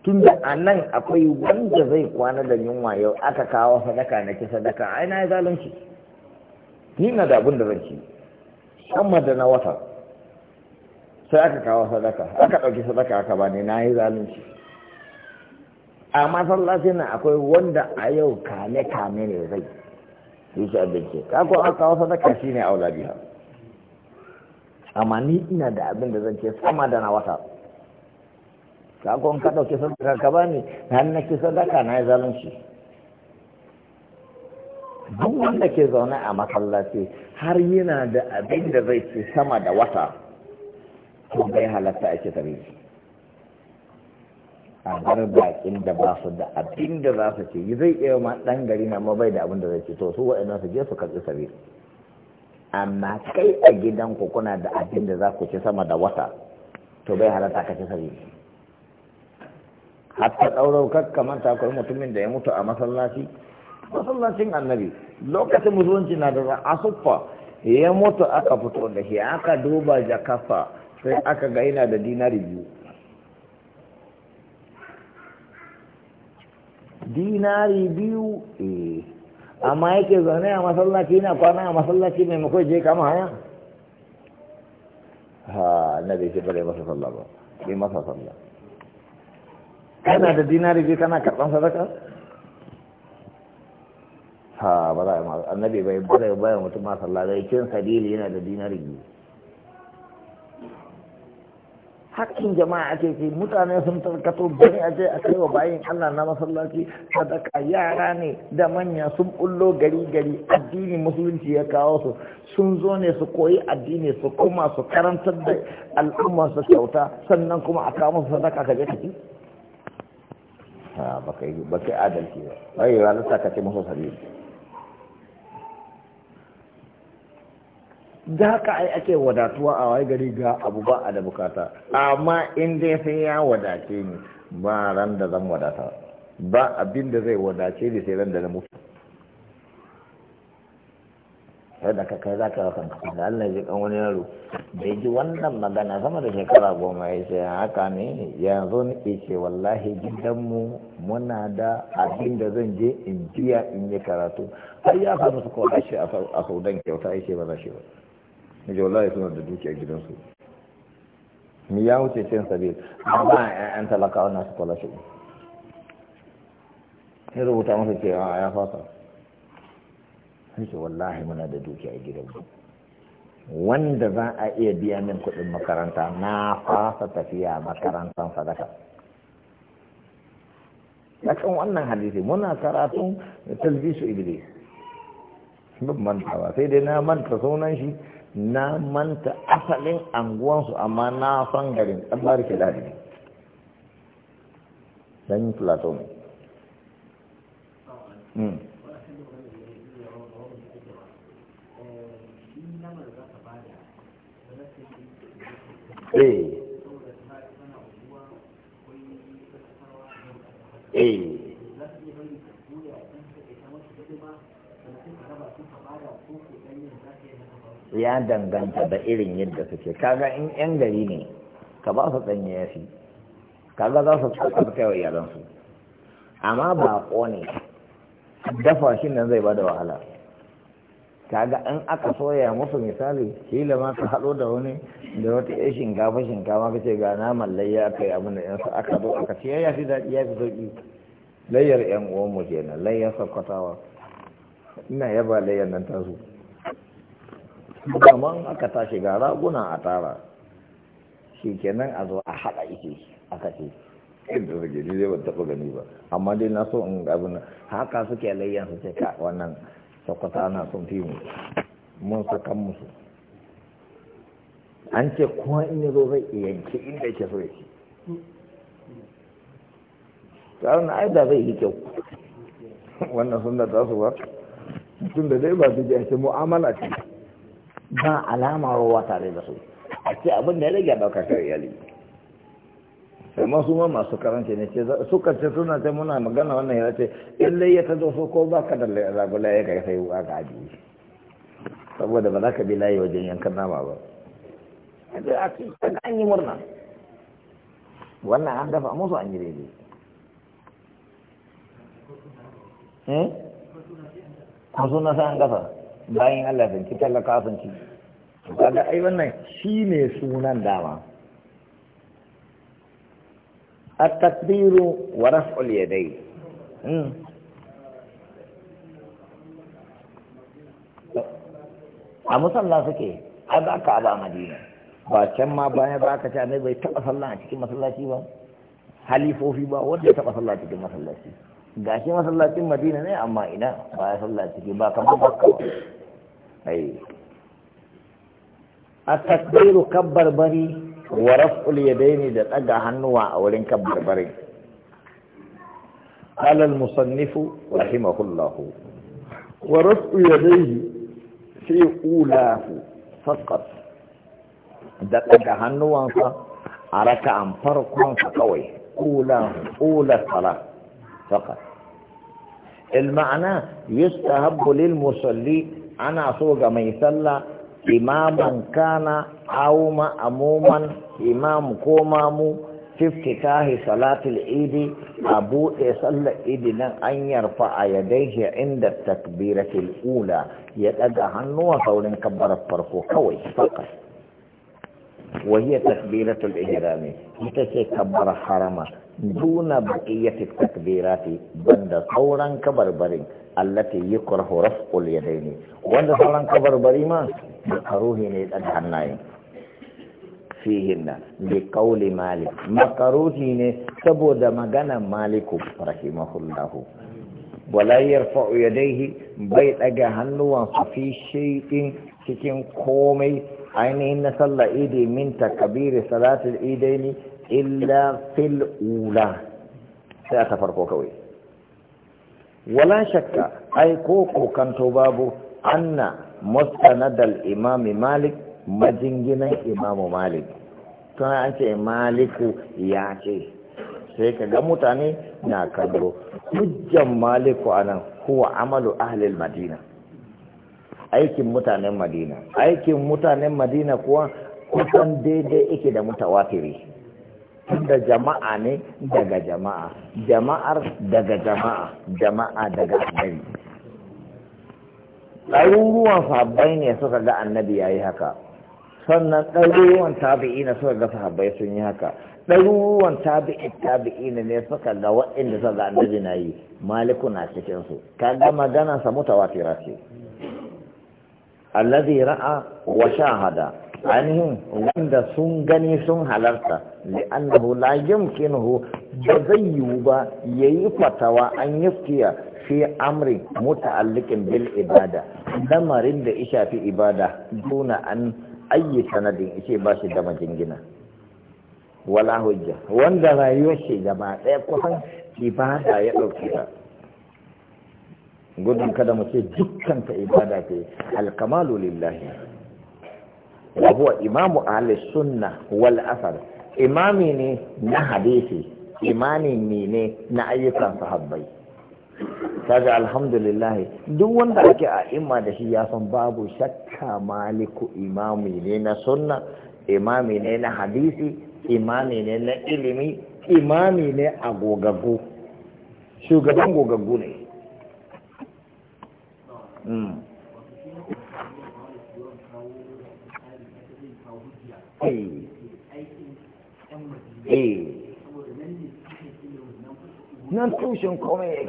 tun da a nan akwai wanda zai kwana da yunwa yau aka kawo sadaka na ke sadaka a yana yi zalunci ni na da abin da zan ci sama da na wata sai aka kawo sadaka aka ɗauki sadaka aka ba ne na yi zalunci a masallaci na akwai wanda a yau kame kame ne zai yi shi abinci kakon aka kawo sadaka shine aula biya amma ni ina da abin da zan ce sama da na wata ka gon ka dauke sun ka bani nan ke sadaka na zalunci duk wanda ke zaune a masallaci har yana da abin da zai ce sama da wata ko bai halatta a ce tare a bar bakin da ba su da abin da za su ce zai iya ma dan gari na ma bai da abin da zai ce to su wa'annan su je su karɓi sabiri amma kai a gidanku kuna da abin da za ku ci sama da wata to bai halatta ka ci sabi hatta ɗaurau kakkamanta akwai mutumin da ya mutu a masallaci masallacin annabi lokacin musulunci na da asuffa ya mutu aka fito da shi aka duba jakafa sai aka ga yana da dinari biyu dinari biyu eh amma yake zane a masallaci na kwana a masallaci maimakon je kama haya ha na da ce bare masa sallah ba bai masa sallah kana da dinari je kana karban sadaka ha ba za a yi annabi bai bare bayan mutum masallah da bai sadili yana da dinari biyu hakkin jama'a ake ce mutane sun tarkato gani aje a kai wa bayin Allah na masallaci sadaka yara ne da manya sun bullo gari gari addini musulunci ya kawo su sun zo ne su koyi addini su kuma su karantar da al'umma su kyauta sannan kuma a kawo musu sadaka ka je ka ci ba kai adalci ba bai ranar sa ka musu sabili da haka ai ake wadatuwa a wai gari ga abu ba a da bukata amma in dai sai ya wadace ni ba ran da zan wadata ba abin da zai wadace ni sai ran da na mutu sai da kai za ka kanka da Allah ya kan wani yaro bai ji wannan magana sama da shekara goma ya ce haka ne yanzu ke ce wallahi gidanmu muna da abin da zan je in biya in yi karatu har ya fa musu ko a saudan kyauta ya ce ba za shi ba na ji wallahi suna da dukiya gidansu ni ya wuce cin sabi a ba a talakawa talaka wannan su kwallo shi ya rubuta masa cewa ya fasa sai ce wallahi muna da dukiya gidansu wanda za a iya biya min kuɗin makaranta na fasa tafiya makarantar sadaka kan wannan hadisi muna karatun talbisu iblis mantawa sai dai na manta sunan shi na manta asalin anguwansu amma na san garin ɗabbar ke daɗi don yi plato ne hmm. Eh. Eh. ya danganta da irin yadda suke kaga in yan gari ne ka ba su tsanye ya fi kaga za su tsarkaka wa iyalansu amma baƙo ne dafa shi nan zai ba da wahala kaga in aka soya musu misali kila ma ka haɗo da wani da wata ya shinkafa shinkafa ka ce ga naman layya aka abin da yansu aka zo aka ce ya fi daɗi ya fi sauƙi layyar yan uwan mu kenan layyar sakkwatawa ina yaba layyar nan tasu kaman aka tashi ga raguna a tara shi kenan a zo a haɗa ike aka ce inda suke ne ban taɓa gani ba amma dai na so in abin haka suke layyan su ce ka wannan sakwata na sun fi mu mun kan musu an ce kuma in ya zo zai yanke inda yake so yake tsarin na aida zai yi kyau wannan sun da tasowa tun da dai ba su ji mu'amala ce ba alama ruwa tare da su a ce abin da ya rage daukar ta iyali amma su ma masu karanta ne ce suka ce suna ce muna magana wannan ya ce in lai ya tazo so ko ka da zagula ya kai sai wuka ga aji saboda ba za ka bi layi wajen yankan nama ba a ce an yi murna wannan an dafa musu an yi daidai eh? ko sai an dafa bayan Allah zanci talaka zanci kaga ai wannan shi ne sunan dama التكبير ورفع اليدين a musalla suke a ba ka ba madina ba can ma baya ba ka ce bai taba sallah a cikin masallaci ba halifofi ba wanda ya taba sallah a cikin masallaci gashi masallacin madina ne amma ina ba ya sallah ciki ba kamar makka ba أي التكبير كبر بري ورفع اليدين لتقع تقع هنوع أولين كبر بري قال المصنف رحمه الله ورفع يديه في أولاه فقط ده تقع هنوع عن فرق فقوي أولاه أولى الصلاة فقط المعنى يستهب للمصلي ana so ga mai sallah imaman kana aw ma'amuman imam ko mamu fiftitahi salatul idi a buɗe sallar idi nan an yarfa a yadaihi inda takbiratul ula ya ɗaga hannuwa saurin kabbarar farko kawai fakas وهي تكبيرة الإحرام متى كبر حرما دون بقية التكبيرات بند صورا كبر برين allati yukrahu raf'ul yadaini wanda sauran kabarbari ma makaruhi ne dan hannaye fihinna bi qawli malik makaruhi ne saboda magana maliku rahimahullahu wala yarfa'u yadayhi bai daga hannuwan fi shay'in cikin komai ainihin na sallar idi min takabiri salatul idaini illa fil ula sai ta farko kawai wala shakka ai ko kokanto babu anna mustanadal imami malik majinginan imamu malik to an ce maliku ya ce sai ka ga mutane na kallo hujjan maliku anan huwa amalu ahlil madina aikin mutanen madina aikin mutanen madina kuwa kusan daidai yake da mutawatiri tunda jama'a ne daga jama'a jama'ar daga jama'a jama'a daga annabi ɗaruruwan sahabbai ne suka ga annabi ya yi haka sannan ɗaruruwan tabi'i ne suka ga sahabbai sun yi haka ɗaruruwan tabi'i tabi'i ne suka ga waɗanda suka ga annabi na yi maliku na cikin su ga magana sa mutawatira ce allazi ra'a wa shahada ainihin wanda sun gani sun halarta li'annahu la yumkinuhu ba zai yiwu ba yayi fatawa an yuftiya fi amri muta'alliqin bil ibada lamarin da isha fi ibada duna an ayi sanadin ishe ba shi da majingina wala hujja wanda rayuwar shi gaba ɗaya kusan ibada ya ɗauki ta gudun kada mu ce dukkan ta ibada ce alkamalu lillahi wa imamu ahli sunna wal asar imami ne na hadisi imani ne ne na ayyukan sahabbai kaga alhamdulillah duk wanda ake a imma da shi ya san babu shakka maliku imami ne na sunna imami ne na hadisi imami ne na ilimi imami ne a gogaggu shugaban gogaggu ne hmm. nan tushen komai ya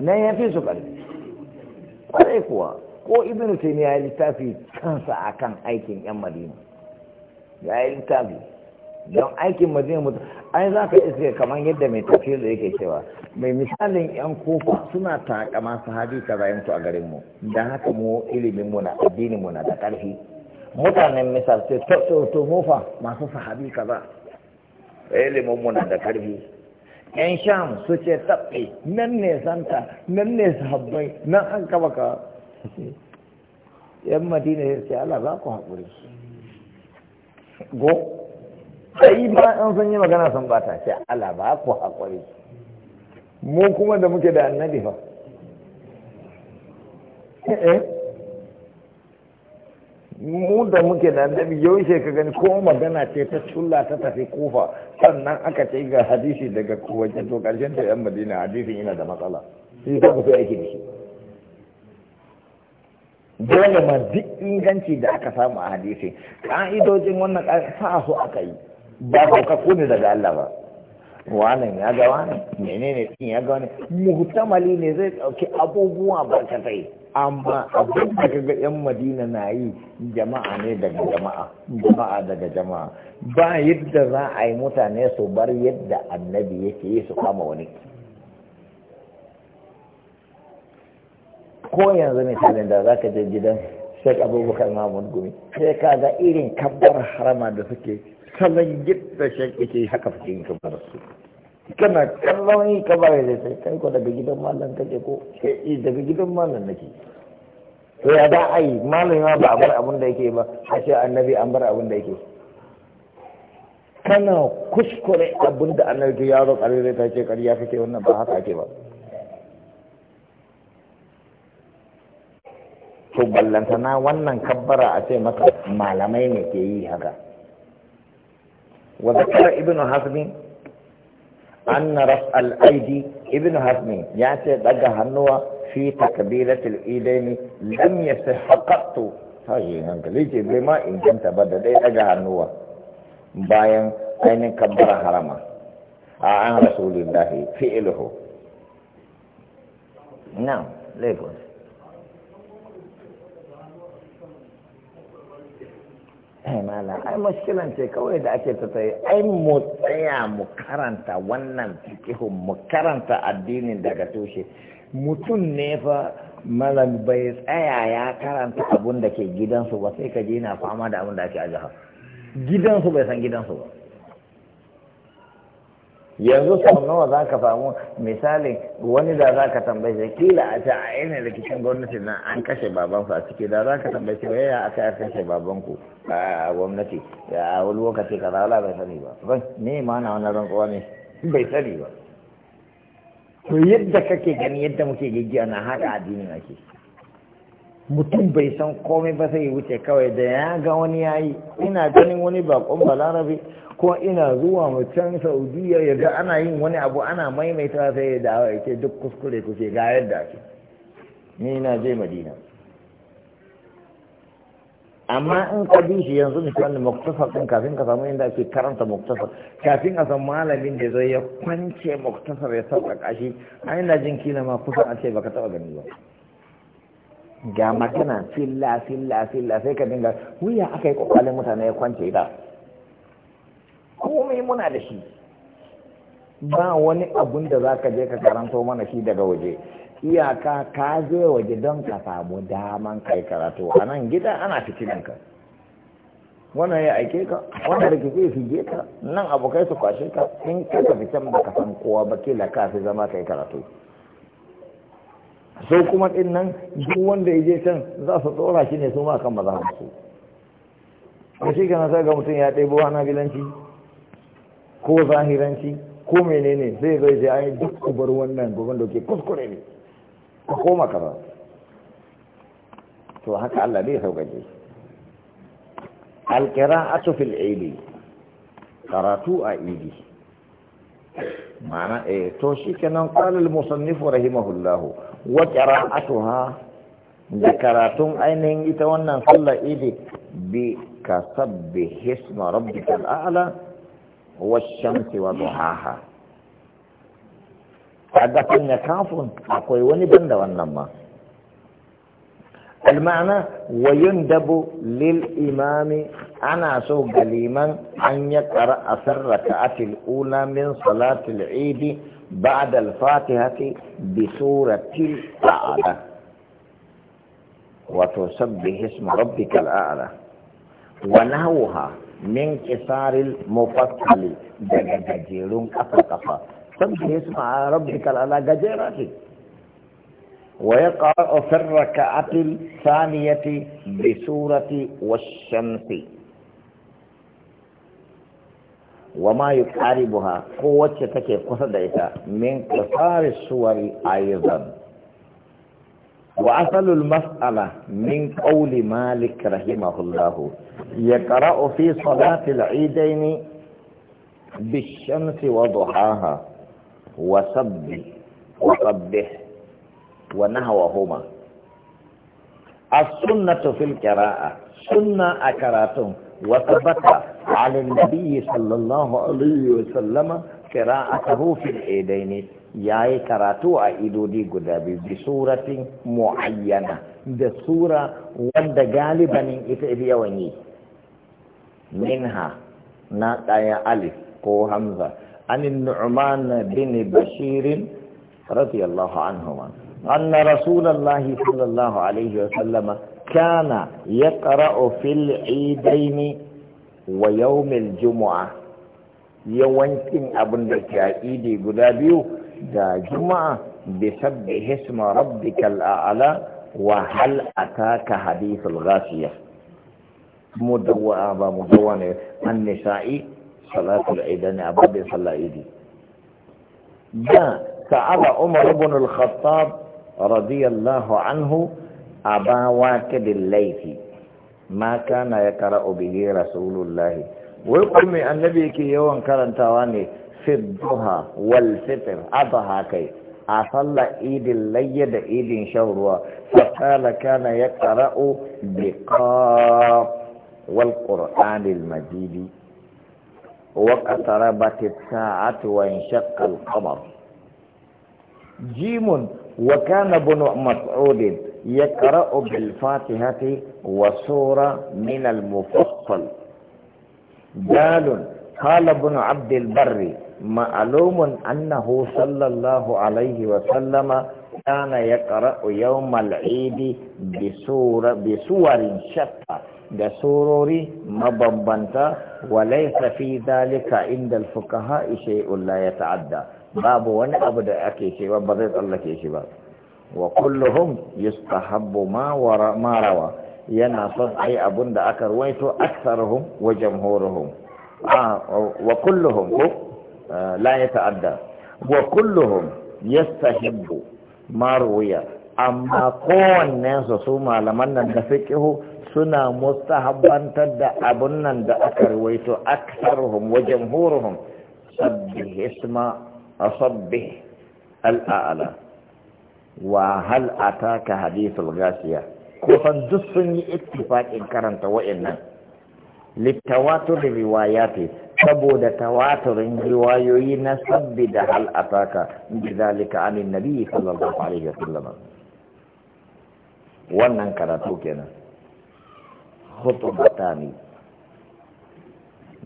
nan ya fi su ƙarfi ƙwarai kuwa ko ibn taymiya ya littafi kansa akan aikin yan madina ya yi littafi don aikin mu zai mutu ai za ka iske kamar yadda mai tafiyar da yake cewa mai misalin yan kofa suna takama sahabi kaza yanku a garin mu da haka mu ilimin mu na addinin mu na da karfi mutanen misal sai to to to mofa masu sahabi kaza ilimin mu na da karfi yan sham su ce tabbe nan ne santa nan ne sahabbai nan an kaba ka yan madina sai Allah za ku haƙuri go sai ba an sun yi magana sun bata shi Allah ba ku haƙuri mu kuma da muke da annabi fa eh, eh. mu da muke da annabi yaushe ka gani ko magana ce ta culla ta tafi kufa sannan aka ce ga hadisi daga kowace to karshen ta yan madina hadisi yana da matsala shi ka ku aiki da shi dole ma duk inganci da aka samu a hadisi ka'idojin wannan sa su aka yi ba ka ne daga Allah ba wannan ya ga wani menene din ya ga wani muhtamali ne zai dauki abubuwa barkatai amma abin da kaga yan madina na yi jama'a ne daga jama'a jama'a daga jama'a ba yadda za a yi mutane su bar yadda annabi yake yi su kama wani ko yanzu misalin da za ka je gidan sai Abubakar Mahmud Gumi sai ka ga irin kabbar harama da suke kalan yadda shaƙi ce haka fashin kamar su kana kallon yi kamar yadda sai kai ko daga gidan malam kake ko sai eh, eh, daga gidan malam nake to ya da ai malam ma ba a bar abin da yake ba a ce annabi an bar abin da yake kana kuskure abin da annabi ke yaro ƙarfi ta ce ƙarya kake wannan ba haka ake ba to ballantana wannan kabbara a ce maka malamai ne ke yi haka وذكر ابن حزم أن رفع الأيدي ابن حزم يأتي دقى هنوى في تكبيرة الإيدين لم يصح قط هاي هنكليتي بما إن كنت بدأ دقى هنوى باين أين كبر حرما عن رسول الله فعله نعم ليكن ai mala, ai mashkilan ce kawai da ake ta tsaye ai mu tsaya mu karanta wannan fikihun mu karanta addinin daga tushe mutum ne fa malam bai tsaya ya karanta abun da ke gidansu ba sai ka je na fama da abun da ake a jihar gidansu bai san gidansu ba yanzu sau nawa za ka samu misalin wani da za ka tambaye shi kila a ce a yanayin rikicin gwamnati na an kashe babansu a ciki da za ka tambaye shi yaya aka yi kashe babanku a gwamnati a wani lokaci ka zala bai sani ba ban ne ma na wani rantsuwa ne bai sani ba to yadda kake gani yadda muke gigiya na haka addinin ake mutum bai san komai ba sai ya wuce kawai da ya ga wani ya yi ina ganin wani bakon balarabe ko ina zuwa mutum saudiya ya ga ana yin wani abu ana maimaita sai ya dawo ya ce duk kuskure kuke ga yadda ake ni na je madina amma in ka bi shi yanzu misali muktasar din kafin ka samu inda ake karanta muktasar kafin a san malamin da zai ya kwance muktasar ya sauƙaƙa shi a ina jin kila ma kusan a ce baka taɓa gani ba ga magana filla filla filla sai ka dinga wuya aka yi kokalin mutane ya kwance da komai muna da shi ba wani abun da za ka je ka karanto mana shi daga waje iyaka ka je waje don ka samu daman kai karatu a nan gida ana ka wannan ya aike ka wannan da kike fige ka nan abokai su kwashe ka in ka tafi can ka san kowa ba kila ka fi zama kai karatu sau kuma ɗin nan duk wanda ya je can za su tsora shi ne su ma kan maza su da shi kana sa ga mutum ya ɗebo hana bilanci ko zahiranci ko menene zai zai je yi duk kubar wannan gobin da ke kuskure ne ka koma ka to haka Allah ne ya sauƙaƙe alƙira'atu fil idi karatu a idi ma'ana eh to shi kenan qalal musannif rahimahullah wa qira'atuha da karatun ainihin ita wannan sallar idi bi kasabbi hisma rabbikal a'la wash-shamsi wa duhaha ya kafin akwai wani banda wannan ma المعنى ويندب للإمام أنا سوق لمن أن يقرأ أثر الركعة الأولى من صلاة العيد بعد الفاتحة بسورة الأعلى وتسبح اسم ربك الأعلى ونهوها من كسار المفصل دجاجيرون كفا كفا سبح اسم ربك الأعلى جزيرة ويقرأ في الركعة الثانية بسورة والشمس وما يقاربها قوة تكي قصدها من قصار السور أيضا وأصل المسألة من قول مالك رحمه الله يقرأ في صلاة العيدين بالشمس وضحاها وسبح وسبح ونهوهما السنة في القراءة سنة أكراتهم وثبت على النبي صلى الله عليه وسلم قراءته في الإيدين ياي كراتو أيدو دي قدابي بصورة معينة بصورة ود غالبا إتئذي وني منها ناقايا ألف كو همزة عن النعمان بن بشير رضي الله عنهما أن رسول الله صلى الله عليه وسلم كان يقرأ في العيدين ويوم الجمعة يوانتين أبن عيدي قدابيو دا جمعة بسبح اسم ربك الأعلى وهل أتاك حديث الغاشية مدوى أبا مدوى النسائي صلاة العيدين أبا بصلاة عيدي دا سأل عمر بن الخطاب رضي الله عنه أبا واكد الليث ما كان يقرأ به رسول الله ويقوم النبي كي يوم كرن تواني في الضحى والفطر أضحى كي أصلى إيد الليل إيد شهر فقال كان يقرأ بقاف والقرآن المجيد وقتربت الساعة وانشق القمر جيم وكان ابن مسعود يقرأ بالفاتحة وسورة من المفصل قال قال ابن عبد البر معلوم أنه صلى الله عليه وسلم كان يقرأ يوم العيد بسورة بسور شتى بسرور مبنبنتا وليس في ذلك عند الفقهاء شيء لا يتعدى babu wani abu da ake cewa ba zai tsallake shi ba wa kulluhum yustahabbu ma wara marawa yana son ai abun da aka ruwaito aktsaruhum wa jamhuruhum ah, wa kulluhum ko eh, la yata'adda wa kulluhum yastahibbu ma ruwiya amma kowannen su su malaman nan da fiqhu suna mustahabbantar da abun nan da aka ruwaito aktsaruhum wa jamhuruhum sabbih isma أصبه الأعلى وهل أتاك حديث الغاسية وفندسني اتفاق إن إنكارا توئنا للتواتر رواياتي تبود تواتر روايين سبد هل أتاك بذلك عن النبي صلى الله عليه وسلم wannan karatu kenan khutubatani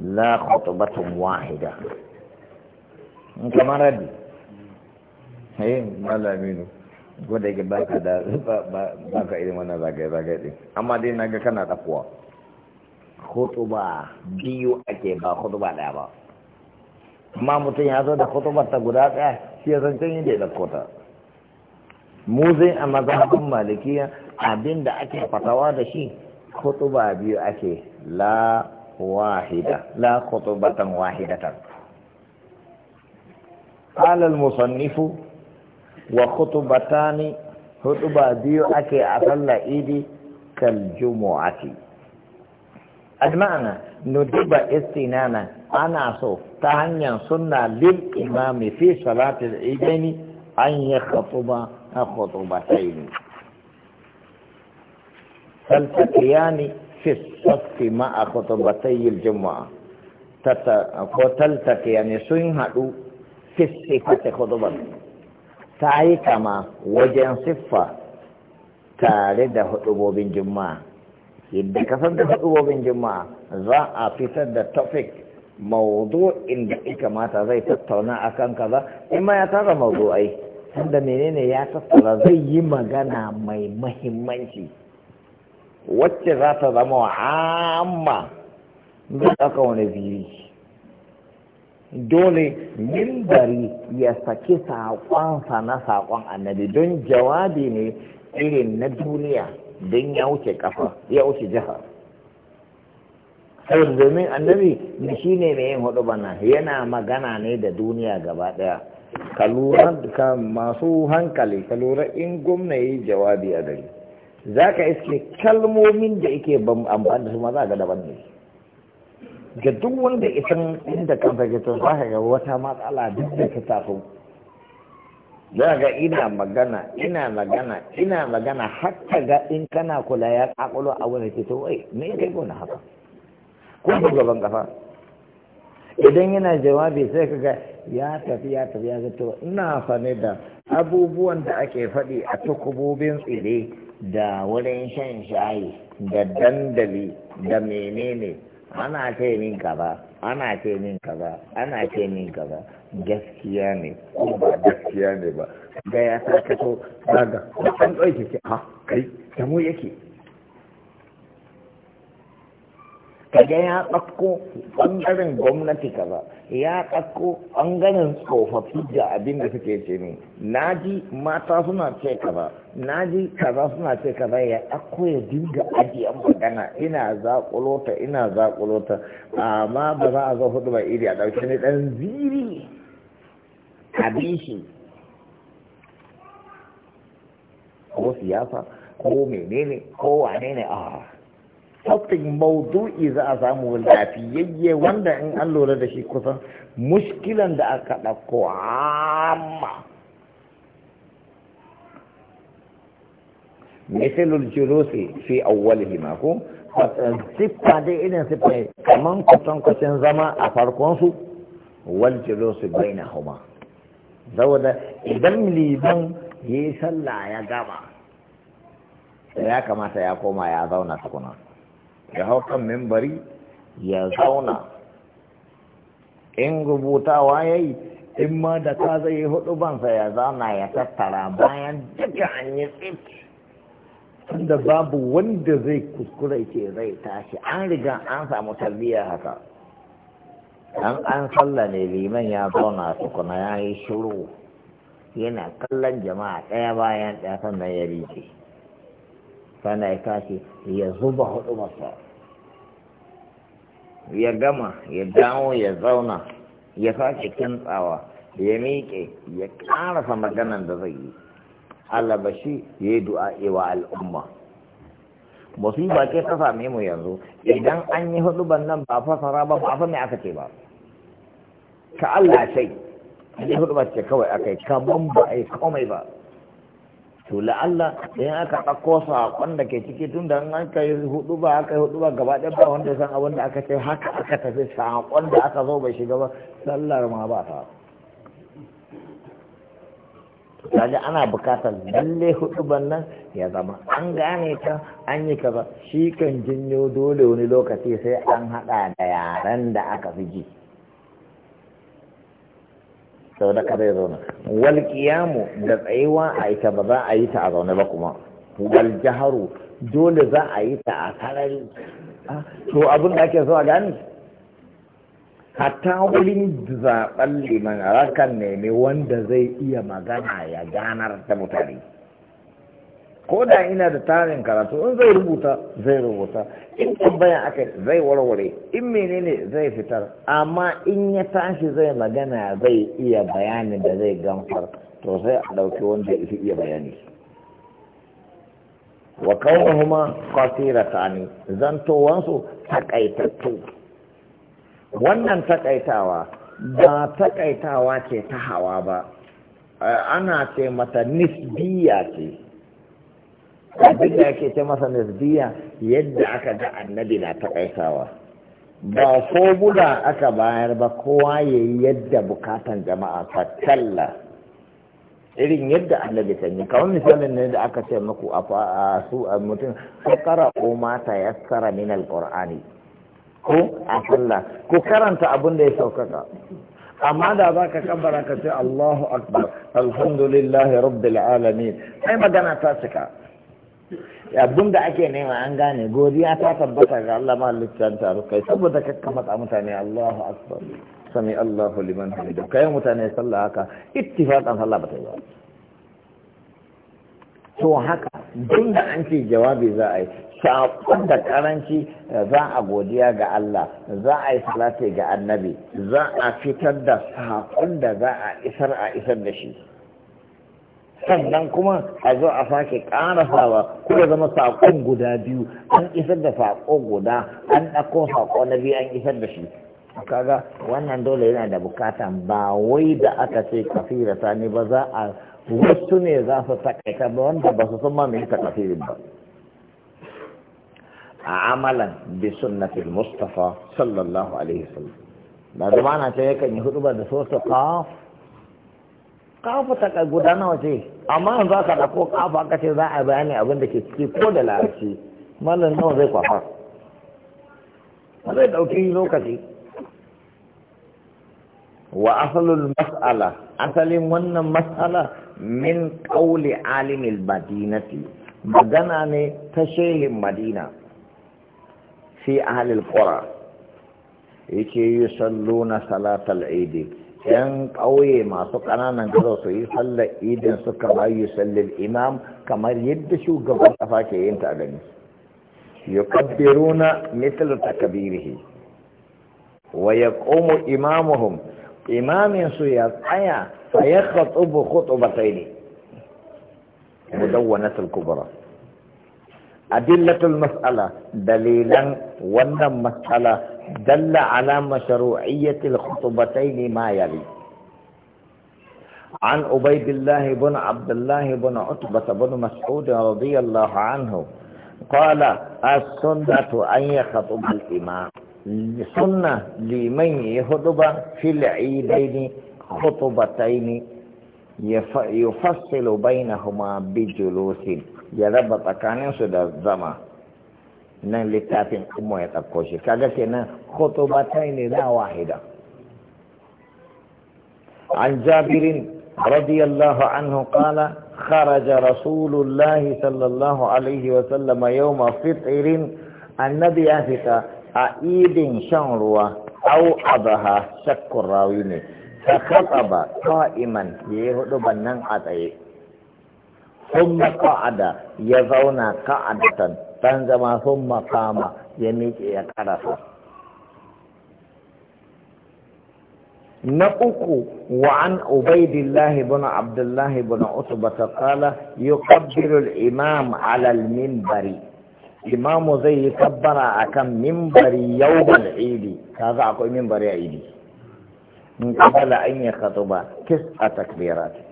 la khutubatun wahida kamar mara eh malami ne ko da yake baka da baka irin wannan zagaye zagaye din amma dai naga kana kuwa khutuba biyu ake ba khutuba da ba amma mutum ya zo da khutubar ta guda daya shi ya san can yadda da kota mu zai a mazhabin malikiya abinda ake fatawa da shi khutuba biyu ake la wahida la khutubatan wahidatan قال المصنف وخطبتان خطبة ديو أكي أصلى إيدي كالجمعة المعنى ندب استنانا أنا صوف تهنيا سنة للإمام في صلاة العيدين أن يخطب خطبتين فالتقيان في الصف مع خطبتي الجمعة تلتقيان سنة ta sifati khudbar ta yi kama wajen siffa tare da hudubobin juma'a yadda san da hudubobin juma'a za a fitar da topic mawdu'in inda ya kamata zai tattauna akan kaza in ma ya tara ai, tunda menene ya tattara zai yi magana mai mahimmanci wacce za ta zama wa amma zai ɗauka wani biyu dole mimbari ya saki saƙonsa na saƙon annabi don jawabi ne irin na duniya don ya wuce kafa ya wuce jiha saboda domin annabi shi ne mai yin hudu bana yana magana ne da duniya gaba ɗaya ka lura ka masu hankali ka lura in gwamna yi jawabi a gari za ka iske kalmomin da yake amfani da su ma za ga daban ne ga duk wanda isan inda kansa ke to za ga wata matsala duk da ta taso za ga ina magana ina magana ina magana hatta ga in kana kula ya kakulo a wani fito wai me kai gona haka ko gaban kafa idan yana jawabi sai kaga ya tafi ya tafi ya zato ina fane da abubuwan da ake faɗi a tukubobin tsire da wurin shan shayi da dandali da menene ana ce min kaza ana ce min kaza ana ce min kaza gaskiya ne ko ba gaskiya ne ba da ya sa ka daga ɗauke ce ha kai da mu yake kaga ya ɗauko ɓangaren gwamnati kaza ya ɗauko ɓangaren tsofaffi da abin da suke ce ne na ji mata suna ce kaza na ji kaza suna ce kaza ya ɗauko ya dinga ajiyar magana ina zaƙulota ina zaƙulota amma ba za a zo hudu ba iri a ɗauke ni ɗan ziri a bishi ko siyasa ko menene ko wane ne a topic maudu'i za a samu yayye wanda in an lura da shi kusan mushkilan da aka ɗauko amma misalul julusi fi awwalihi ma ko siffa dai irin siffa ne kaman kusan kusan zama a farkon su bai na bainahuma saboda idan liban yi sallah ya gama ya kamata ya koma ya zauna tukuna ya hau kan membari ya zauna in rubutawa ya yi in ma da ta zai hudu bansa ya zauna ya tattara bayan duka an yi tsit tunda babu wanda zai kuskure ce zai tashi an riga an samu tarbiyyar haka an an sallah ne liman ya zauna su tukuna ya yi shiru yana kallon jama'a ɗaya bayan ɗaya sannan ya rike sana ya tashi ya zuba hudu masa ya gama ya dawo ya zauna ya sake kintsawa ya miƙe ya ƙarasa maganan da zai yi alabashi ya yi du'a wa al'umma musiba ke ta same mu yanzu idan an yi huduban nan ba fasara ba ba fa me aka ce ba ka Allah sai ba ce kawai akai kaman ba a komai ba to la'alla in aka ɗauko saƙon da ke ciki tun da an ka yi hudu ba aka yi hudu ba gaba ɗaya ba wanda san abin da aka ce haka aka tafi saƙon da aka zo bai shiga ba sallar ma ba ta kaji ana bukatar lalle hudu nan ya zama an gane ta an yi kaza shi kan jinyo dole wani lokaci sai an haɗa da yaren da aka fi ji sau da ka zai zauna wal kiyamu da tsayuwa a ita ba za a yi ta a zaune ba kuma wal jaharu dole za a yi ta a sarari ah, to abin da ake zuwa gani hatta wurin zaɓen liman rakan nemi wanda zai iya magana ya ganar da mutane ko da ina da tarin karatu in zai rubuta zai rubuta in tambaya aka zai warware in menene zai fitar amma in ya tashi zai magana zai iya bayani da zai gamfar to sai a ɗauki wanda ya iya bayani wa zan to zantowansu takaitattu wannan takaitawa ba takaitawa ce ta hawa ba eh, ana ce mata nisbiya ce abin da ake ta masa nasbiya yadda aka ga annabi na ta taƙaitawa ba guda aka bayar ba kowa ya yi yadda bukatan jama'a fatalla irin yadda annabi ta yi kawai misalin ne da aka ce muku a su a mutum ko kara mata ta tsara min alqur'ani ko a sallah ko karanta abin da ya saukaka amma da za ka kabbara ka ce Allahu akbar alhamdulillahi rabbil alamin ai magana ta cika abin da ake nema an gane godiya ta tabbata ga Allah ma halittar taro kai saboda kakka kakkamata mutane Allahu akbar sami Allahu liman hamidu kai mutane sallah haka ittifaqan sallah ba ta yi ba to haka din da an ce jawabi za a yi da karanci za a godiya ga Allah za a yi salati ga annabi za a fitar da saƙon da za a isar a isar da shi sannan kuma a zo a sake ƙarasawa ko ya zama saƙon guda biyu an isar da saƙo guda an ɗauko saƙo na biyu an isar da shi kaga wannan dole yana da bukata ba wai da aka ce kafira ta ne ba za a wasu ne za su takaita ba wanda ba su san ma mai takafirin ba a amalan bi sunnatil mustafa sallallahu alaihi wasallam da zama na yakan yi hudu ba da sosai kafa ta guda nawa ce amma yanzu aka ɗauko kafa aka ce za a bayani abin da ke ciki ko da larabci malam nawa zai kwafa zai ɗauki lokaci wa asalul mas'ala asalin wannan mas'ala min qawli alimil madinati magana ne ta shehin madina fi ahlil qura yake yusalluna salatal eid yan ƙauye masu ƙananan gaza su yi sallar idin suka bayu sallar imam kamar yadda shugaban kafa ke yin ta gani na misal takbirihi wa yaqumu imamuhum imamin su ya tsaya fa yakhutbu ne mudawwanatul kubra أدلة المسألة دليلا وأن المسألة دل على مشروعية الخطبتين ما يلي عن عبيد الله بن عبد الله بن عتبة بن مسعود رضي الله عنه قال السنة أن يخطب الإمام سنة لمن يخطب في العيدين خطبتين يفصل بينهما بجلوس ya raba tsakaninsu da zama nan littafin kuma ya ɗauko shi kaga kenan khutubatan ne na wahida an jabirin radiyallahu anhu kala kharaja rasulullahi sallallahu alaihi wa sallama yawma fitrin annabi ya fita a idin shan ruwa au abaha shakkun rawi ne ta katsaba iman ya yi hudu bannan a tsaye Humma ƙa’ada ya zauna ƙa’adatan, ɗan zama humma kama ya miƙe ya karasa Na uku wa’an Ubaidillahi buna Abdullahi buna Usuba ta ƙala, yi imam alal Minbari, Imamu zai yi sabbara akan kan mimbari yau al’idi, akwai Minbari a idi. In ƙabala an yi ƙatuba, kis a takbirati.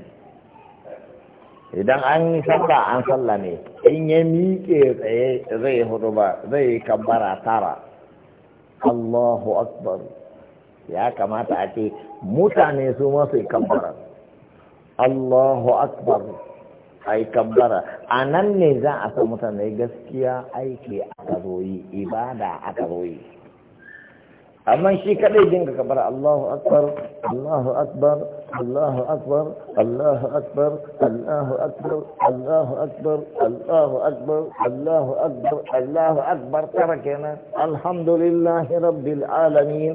idan an yi sallah an salla ne in ya miƙe tsaye zai hudu ba zai kambara tara Allahu akbar ya kamata a ce mutane su masu kambara. Allahu akbar ai kambara a nan ne za a san mutane gaskiya aiki a karoyi ibada a karoyi amma shi kadai dinga ka bar Allahu akbar Allahu akbar Allahu akbar Allahu akbar Allahu akbar Allahu akbar Allahu akbar Allahu akbar Allahu akbar tara kenan alhamdulillahi rabbil alamin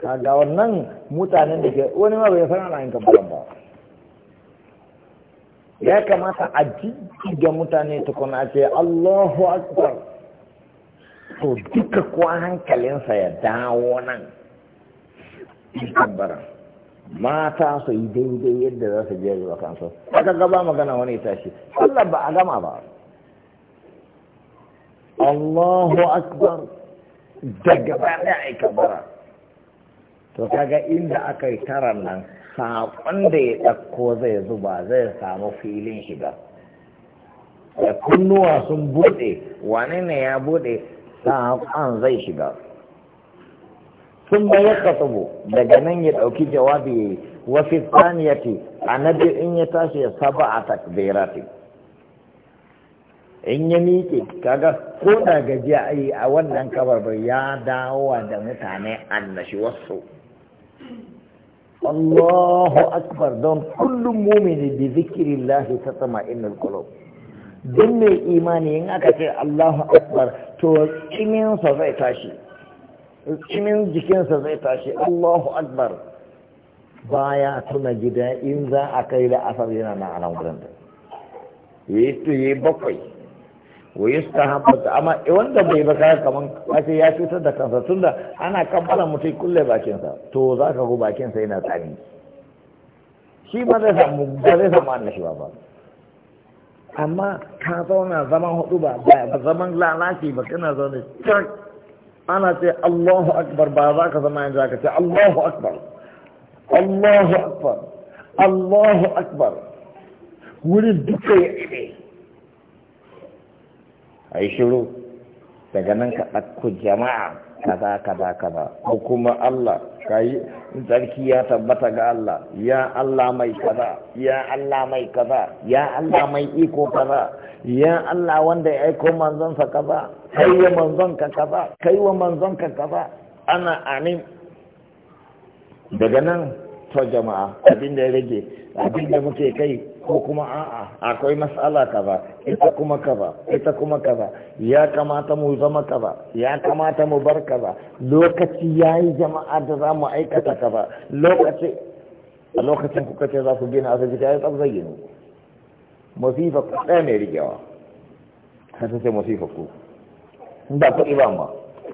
kaga wannan mutanen da ke wani ma bai san ana yin ba ya kamata a ji ga mutane tukuna ce Allahu akbar to duka kuwa hankalinsa ya dawo nan cikin baran mata su yi daidai yadda za su je zuwa kansu aka gaba magana wani tashi Allah ba a gama ba Allahu akbar daga baya ai kabara to kaga inda aka yi taran nan saƙon da ya ɗauko zai zuba zai samu filin shiga da kunnuwa sun buɗe wane ne ya buɗe sa'an zai shiga sun ba ya katsubu daga nan ya ɗauki jawabi ya yi wasu saniyati a na in ya tashi ya saba a takbirati in ya miƙe kaga ko da gajiya a yi a wannan kabarbar ya dawowa da mutane annashi wasu Allahu akbar don kullum mumini bi zikirillahi ta sama inul kulub don mai imani in aka ce Allahu Akbar to ciminsa zai tashi cimin jikinsa zai tashi Allahu Akbar baya tuna gida in za a kai da asar yana na anan wurin da ya yi tuye bakwai wa yi ta hamfata amma eh, wanda bai baka kamar kwace ya cutar da kansa tunda ana kammala mutum kulle bakinsa to za ka go bakinsa yana tsani. shi ba zai samu ba zai samu ba ba amma ka zauna zaman hudu ba zaman lalaci ba kana zaune cak ana ce Allahu akbar ba za ka zama yanzu ka ce Allahu akbar Allahu akbar Allahu akbar wurin duka ya ɗibe a yi shiru daga nan ka ɗauko jama'a kaza kaza kaza ko kuma Allah kai zarki ya tabbata ga Allah ya Allah mai kaza ya Allah mai kaza ya Allah mai iko kaza ya Allah wanda ya aiko manzon sa kaza kai wa manzon ka kaza kai wa manzon ka kaza ana amin daga nan to jama'a abin da ya rage abin da muke kai ko kuma a'a akwai mas'ala kaza ita kuma kaza ita kuma kaza ya kamata mu zama kaza ya kamata mu bar kaza lokaci yayi jama'a da za mu aikata kaza lokaci a lokacin kuka ce za ku gina asibiti ya yi tsabzai gino masifa ku ɗaya mai rigewa sai sai masifa ku ba kuɗi ba ma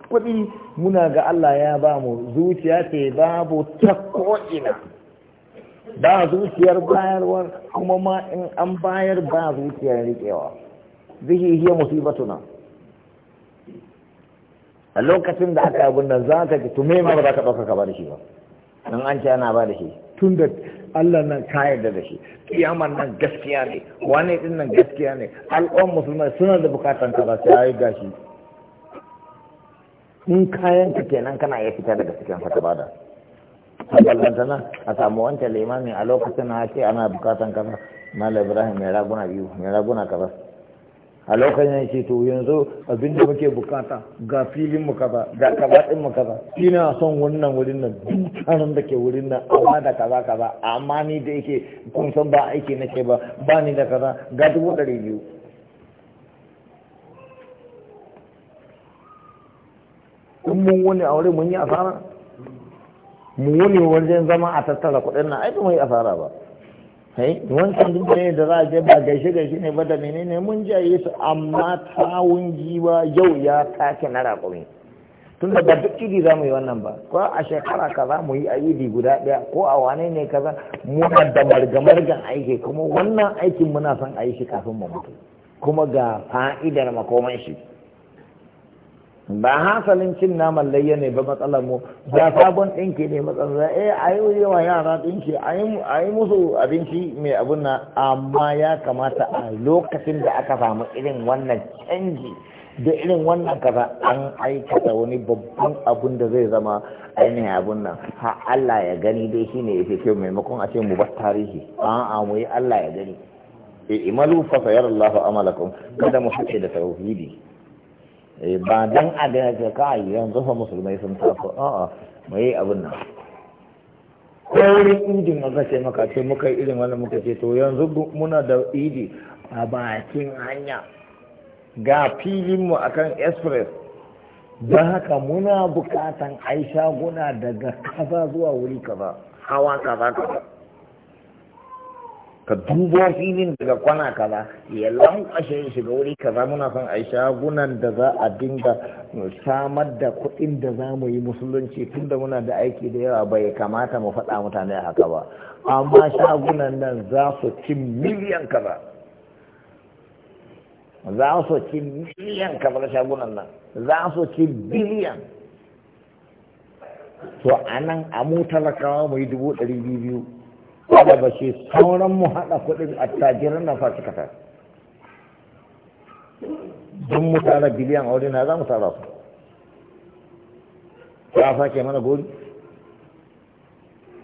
kuɗi muna ga Allah ya ba mu zuciya ce babu ta ko'ina ba zuciyar bayarwar kuma ma in an bayar ba zuciyar riƙewa zihi hiya musibatuna a lokacin da aka abin nan za ka ji ba za ka ɗauka ka ba da shi ba in an ce ana ba da shi tun da Allah nan ka da shi kiyamar nan gaskiya ne wani din nan gaskiya ne al'ummar suna da bukatan ka ba sai ayi gashi in kayan ka kenan kana iya fita daga cikin ka bada a ballantana a samu wancan limamin a lokacin na ce ana bukatan kaza mala ibrahim mai raguna biyu mai raguna kaza a lokacin ce to yanzu abinda muke bukata ga filin mu kaza ga kabaɗin din mu kaza ina son wannan wurin nan dukkanin da ke wurin nan amma da kaza kaza amma ni da yake kun san ba aiki nake ba ba ni da kaza ga dubu ɗari biyu in mun wani aure mun yi asara mu wuni wajen zama a tattara kuɗin nan ai mai yi asara ba kai wancan duk ne da za a je ba gaishe gaishe ne ba da menene mun jaye su amma tawun giwa yau ya take na raƙumi tun da ba duk idi za mu yi wannan ba ko a shekara kaza mu yi a idi guda ɗaya ko a wane ne kaza muna da margamargan aiki kuma wannan aikin muna son a yi shi kafin mu mutu kuma ga fa'idar makoman shi ba hasalin cin naman layya ne ba matsalar mu ba sabon ɗinki ne matsalar eh a yi yawa yara ɗinki a yi musu abinci mai abin nan amma ya kamata a lokacin da aka samu irin wannan canji da irin wannan kaza an aikata wani babban abun da zai zama ainihin abun nan ha Allah ya gani dai shi shine yake kyau maimakon a ce mu bar tarihi a'a mu yi Allah ya gani eh, imalu fa sayarallahu amalakum kada mu hace da tauhidi Eh, ba dan a jaka ce kai yanzu fa musulmai sun tafi, a'a mu yi abin nan ko wurin idin aka ce maka ce muka yi irin wannan muka ce to yanzu muna da idi a bakin hanya ga filin mu akan express don haka muna bukatan aisha guna daga kaza zuwa wuri kaza hawa kaza kaza ka dubo filin daga kwana kaza ya lankwashe shi ga wuri kaza muna son a shagunan da za a dinga samar da kuɗin da za mu yi musulunci tunda muna da aiki da yawa bai kamata mu faɗa mutane haka ba amma shagunan nan za su ci miliyan kaza za su ci miliyan kaza shagunan nan za su ci biliyan to anan a mu talakawa mu yi dubu ɗari biyu kada ba shi sauran mu haɗa kuɗin attajiran na fa kata don mu tara biliyan aure na za mu tara su ya sake mana gori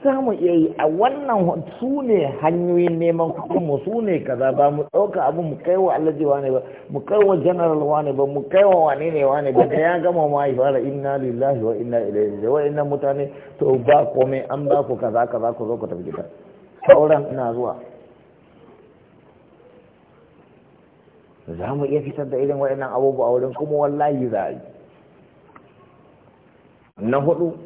za mu iya yi a wannan su ne hanyoyin neman kuɗin mu su ne kaza ba mu ɗauka abu mu kai wa alaji wane ba mu kai wa general wane ba mu kai wa wane ne wane ba da ya gama ma yi fara inna lillahi wa inna ilaihi wa inna mutane to ba komai an ba ku kaza kaza ku zo ku tafi gida sauran ina zuwa za mu iya fitar da irin waɗannan abubuwa wurin kuma wallahi za yi na hudu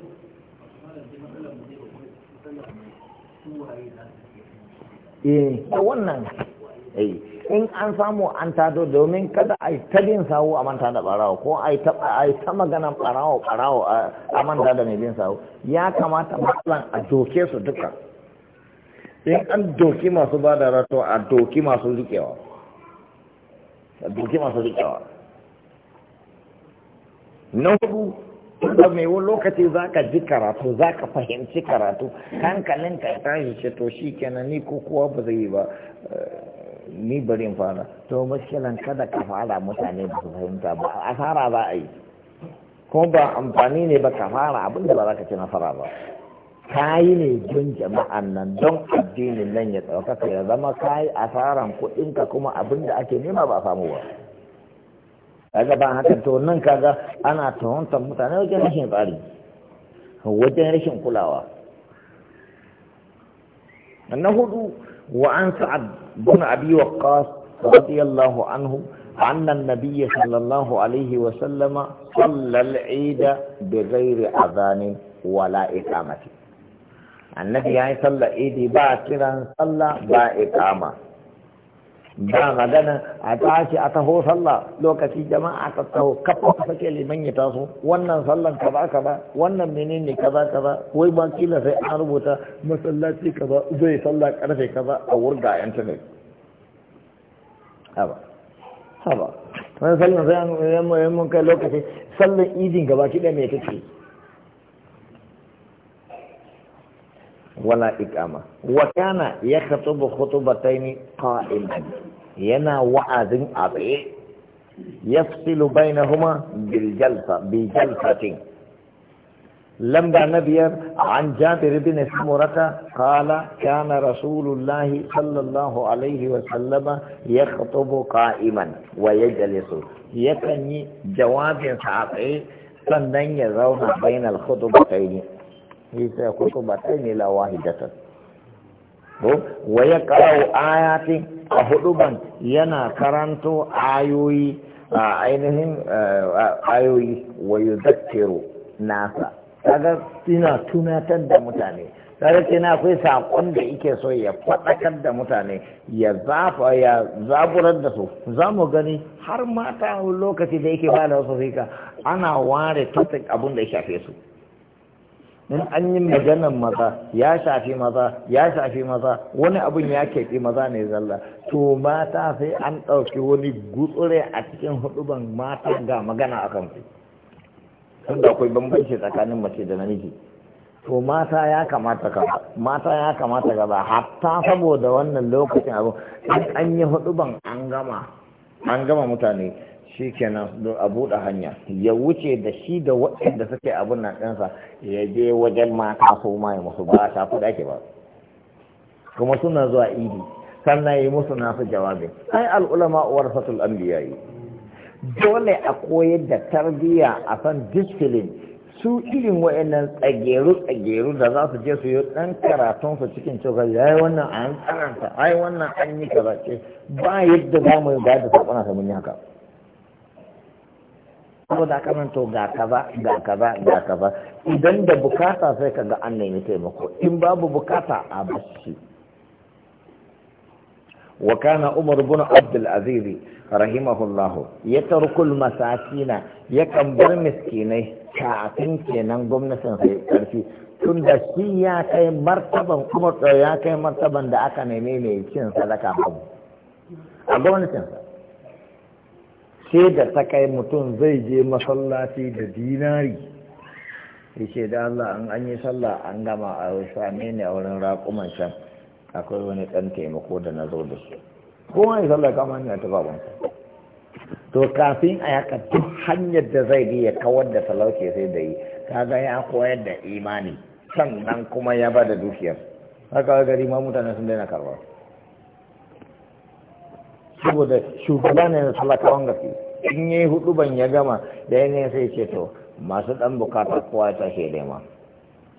eh, wannan eh, in an samu an tado domin kada a yi ta bin sawu a manta da barawa ko a yi ta maganan barawa a manta da mai bin sawu ya kamata matsalan a doke su duka in an doki masu ba da rato a doki masu rikewa a doki masu rikewa na hudu da mai wani lokaci za ka ji karatu za ka fahimci karatu hankalin ka tashi ce to shi kenan ni ko kowa ba zai yi ba eh, ni bari fara to muskilan kada ka fara mutane ba su fahimta ba asara za a yi kuma ba amfani ne ba ka fara abin da ba za ka ci nasara ba kayi ne don jama'an nan don addinin nan ya ɗaukaka ya zama ka yi asaran kuɗinka kuma abin da ake nema ba a samu ba kaga ba haka to nan kaga ana tuhuntar mutane wajen rashin tsari wajen rashin kulawa na hudu wa an sa'ad bin abi waqqas radiyallahu anhu أن النبي صلى الله عليه وسلم صلى العيد بغير أذان ولا annabi ya yi sallah idi ba a kiran sallah ba ikama ba magana a tashi a taho sallah lokaci jama'a ta taho kafa ka sake liman ya taso wannan sallan ka ba wannan menene ka ba wai ba kila sai an rubuta masallaci ba zai sallah karfe ba a wurga intanet haba haba wani sallan sai an mun kai lokaci sallan idin gaba kiɗa mai kake ولا إقامة وكان يخطب خطبتين قائما ينا وعد أبي يفصل بينهما بالجلسة بجلسة لم نبي عن جابر بن سمرة قال كان رسول الله صلى الله عليه وسلم يخطب قائما ويجلس يكني جواب صعب سنن يرون بين الخطبتين hisa kutubatan wahidatan ko wa karau ayatin a huduban yana karanto ayoyi a ainihin ayoyi wa yuzakkiru nasa kaga tina tunatar da mutane kaga kina akwai sakon da yake so ya faɗakar da mutane ya zafa ya zaburar da su za mu gani har mata lokaci da yake ba da wasu fika ana ware tattak abin da ya shafe su in an yi maganan maza ya shafi maza ya shafi maza wani abin ya keɓe maza ne zalla to mata sai an ɗauki wani gutsure a cikin huduban mata ga magana a kansu tun da akwai bambanci tsakanin mace da namiji to mata ya kamata ka mata ya kamata ka ba hatta saboda wannan lokacin abu an yi huduban an gama an gama mutane shi kenan don a buɗe hanya ya wuce da shi da waɗanda suke abin na ɗansa, ya je wajen mata su ma ya musu ba a shafi da ba kuma suna zuwa idi sannan yi musu nasu jawabin ai al'ulama uwar an biya yi dole a koyar da tarbiyya a san discipline su irin waɗannan tsageru-tsageru da za su je su yi ɗan karatun su cikin cewa ya yi wannan an karanta ai wannan an yi kaza ba yadda za mu yi ba da ta mun yi haka saboda haka nan ga kaza ga kaza ga kaza idan da bukata sai ka ga an nemi taimako in babu bukata a bashi wa kana umar bin abdul aziz rahimahullahu ya tarkul masakina ya kan bar miskinai kafin kenan gwamnatin sai karfi tun da shi ya kai martaban kuma ya kai martaban da aka neme mai cin sadaka babu a sa sai da ta kai mutum zai je masallaci da dinari ya ce da Allah an an yi sallah an gama a wasu ne a wurin raƙuman can akwai wani ɗan taimako da na zo da shi ko wani sallah kama ne ta baban to kafin a yaka duk hanyar da zai bi kawar da talauci sai da yi kaga ya koyar da imani sannan kuma ya ba da dukiyar haka gari ma mutane sun daina karɓar saboda shugaba ne na talakawan gaske in yi hudu ban ya gama da yanayi sai ce to masu dan bukata kowa ta shi nema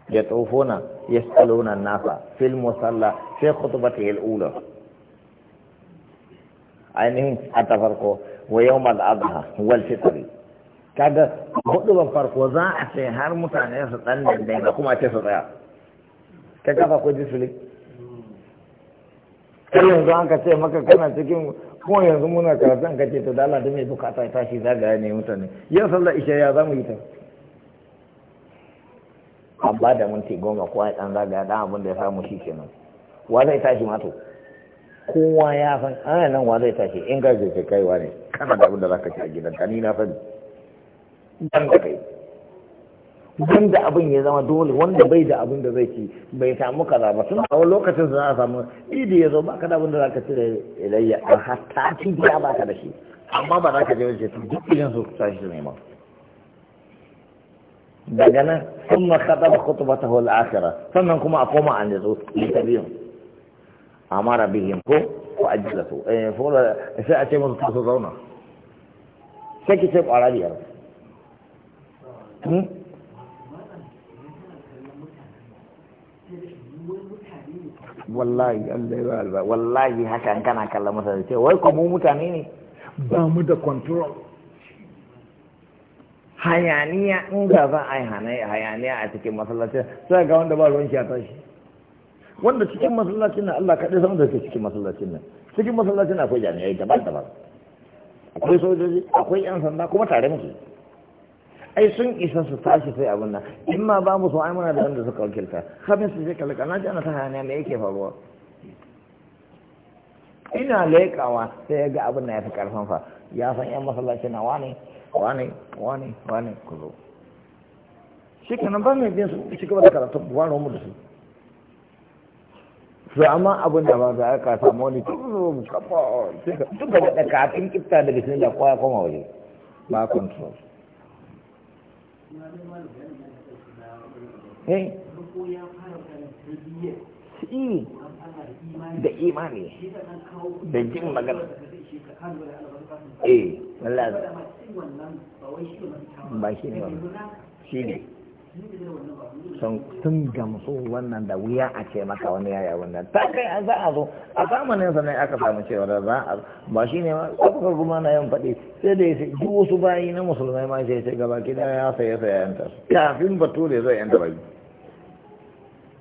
ya na ya tsalona nasa fil musalla sai ba ta yi ula ainihin a ta farko wa yau mal adha wal fitari kaga hudu ban farko za a ce har mutane su dan dandai da kuma ce su tsaya ka kafa ko disuli kai yanzu an ka ce maka kana cikin ko yanzu muna karatun ka ce to da Allah da mai bukata ya tashi zagaya ne mutane yau sallar isha ya zamu yi ta an ba da minti goma kowa ya dan zagaya dan abin da ya samu shi kenan wa zai tashi mato kowa ya san ana nan wa zai tashi in ka je kai wa ne kana da abin da zaka ci a gidan ka ni na sani dan da kai wanda abin ya zama dole wanda bai da abin da zai ci bai samu kaza ba suna a lokacin suna samu idi ya zo ka da abin da za ka cire ilayya a hatta ci ba ka da shi amma ba za ka je wajen su duk idan su tashi su nema daga nan sun makata da kutuba ta hul akira sannan kuma a koma an yanzu zo ta amma amara bihim ko ko da su eh, eh, sai a ce musu taso zauna sai ki ce kwara biyar hmm? wallahi Allah ya alba wallahi haka an kana kallon masa da cewa wai kuma mu mutane ne ba mu da control hayaniya in ga za a yi hayaniya a cikin masallacin sai ga wanda ba ruwan shi a tashi wanda cikin masallacin nan Allah kaɗai san da ke cikin masallacin nan cikin masallacin akwai jami'ai daban-daban akwai sojoji akwai 'yan sanda kuma tare muke ai sun isa su tashi sai abin nan in ma ba mu so ai muna da wanda suka wakilta kafin su je kalaka na ji ana ta hayaniya me yake faruwa ina leƙawa sai ga abin nan ya fi karfin fa ya san yan masallaci na wane wane wane wane ku zo shi kenan ba mai bin su ci gaba da karatu ba wani mu da su su amma abin da ba za a ka samu wani mu kafa duk da kafin kifta da bisnin da kowa koma waje ba control eh da imani da jin magana eh wallahi ba shi ne ba shi ne sun gamsu wannan da wuya a ce maka wani yaya wannan ta kai a za a zo a zamanin sa ne aka samu cewa da za a ba shi ne tsakakar kuma na yan faɗi sai da yace duk wasu bayi na musulmai ma sai sai gaba ki ya saye saya yan tasu kafin da zai yan bai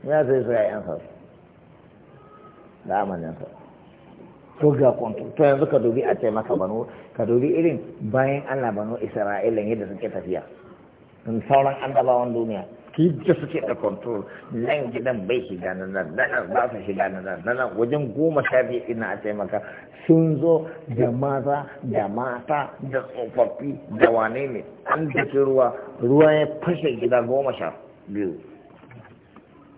ya sai saya yan Da zamanin sa to ga kwanto to yanzu ka dubi a ce maka banu ka dubi irin bayan Allah banu Isra'ila yadda suke tafiya sauran annabawan duniya hijja suke da control nan gidan bai shiga na nan nan ba su shiga na nan nan wajen goma sha biyu ina a taimaka sun zo da maza da mata da tsofaffi da wane ne an daki ruwa ruwa ya fashe gida goma sha biyu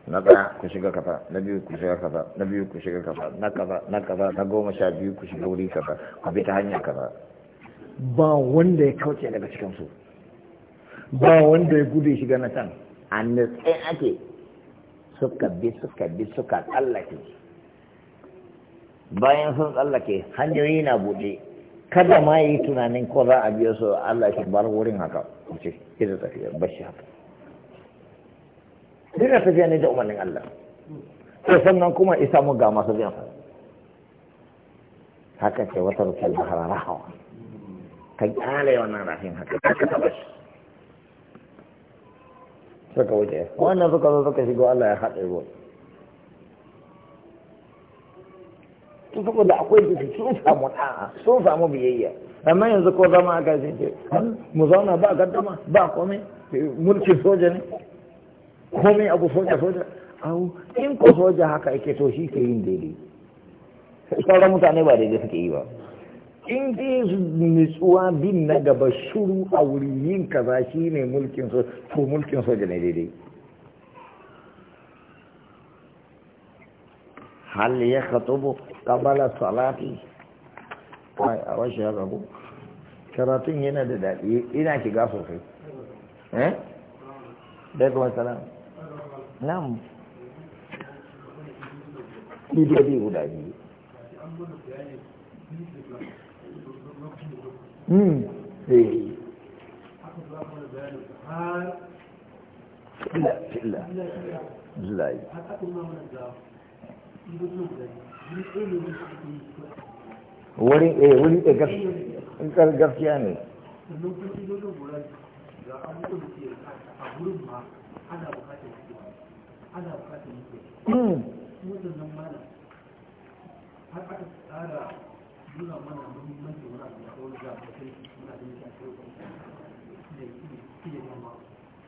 na ɗaya ku shiga kaza na biyu ku shiga kaza na biyu ku shiga kaza na kaza na kafa na goma sha biyu ku shiga wuri kaza ku bi ta hanya kaza ba wanda ya kauce daga cikin su ba wanda ya gudu shiga na can a nutsai ake suka bi suka bi suka tsallake bayan sun tsallake hanyoyi na buɗe kada ma yi tunanin ko za a biyo su Allah shi bar wurin haka ce ke tafiya ba bashi haka dina tafiya ne da umarnin Allah to sannan kuma isa mu ga masu biyan haka ce wata rukun bahara rahawa ka kyale wannan rafin haka ka taba shi suka wuce wannan suka zo suka shigo Allah ya haɗe ruwa tun da akwai jiki sun samu ɗa'a sun samu biyayya amma yanzu ko zama a yi. ce mu zauna ba gaddama ba kome mulkin soja ne kome abu soja soja au in ko soja haka yake to shi ke yin daidai sauran mutane ba daidai suke yi ba in dai nutsuwa bin na gaba shuru a wuri yin kaza shi ne mulkin so to mulkin soja ne daidai hal ya khatubu qabala salati ai a washe ya rabu karatun yana da daɗi ina shiga sosai eh dai kuma salam na'am bidiyo guda biyu Hmm. Eh. wurin eh wurin eh gaskiya ne hmm. har aka tsara nuna mana mun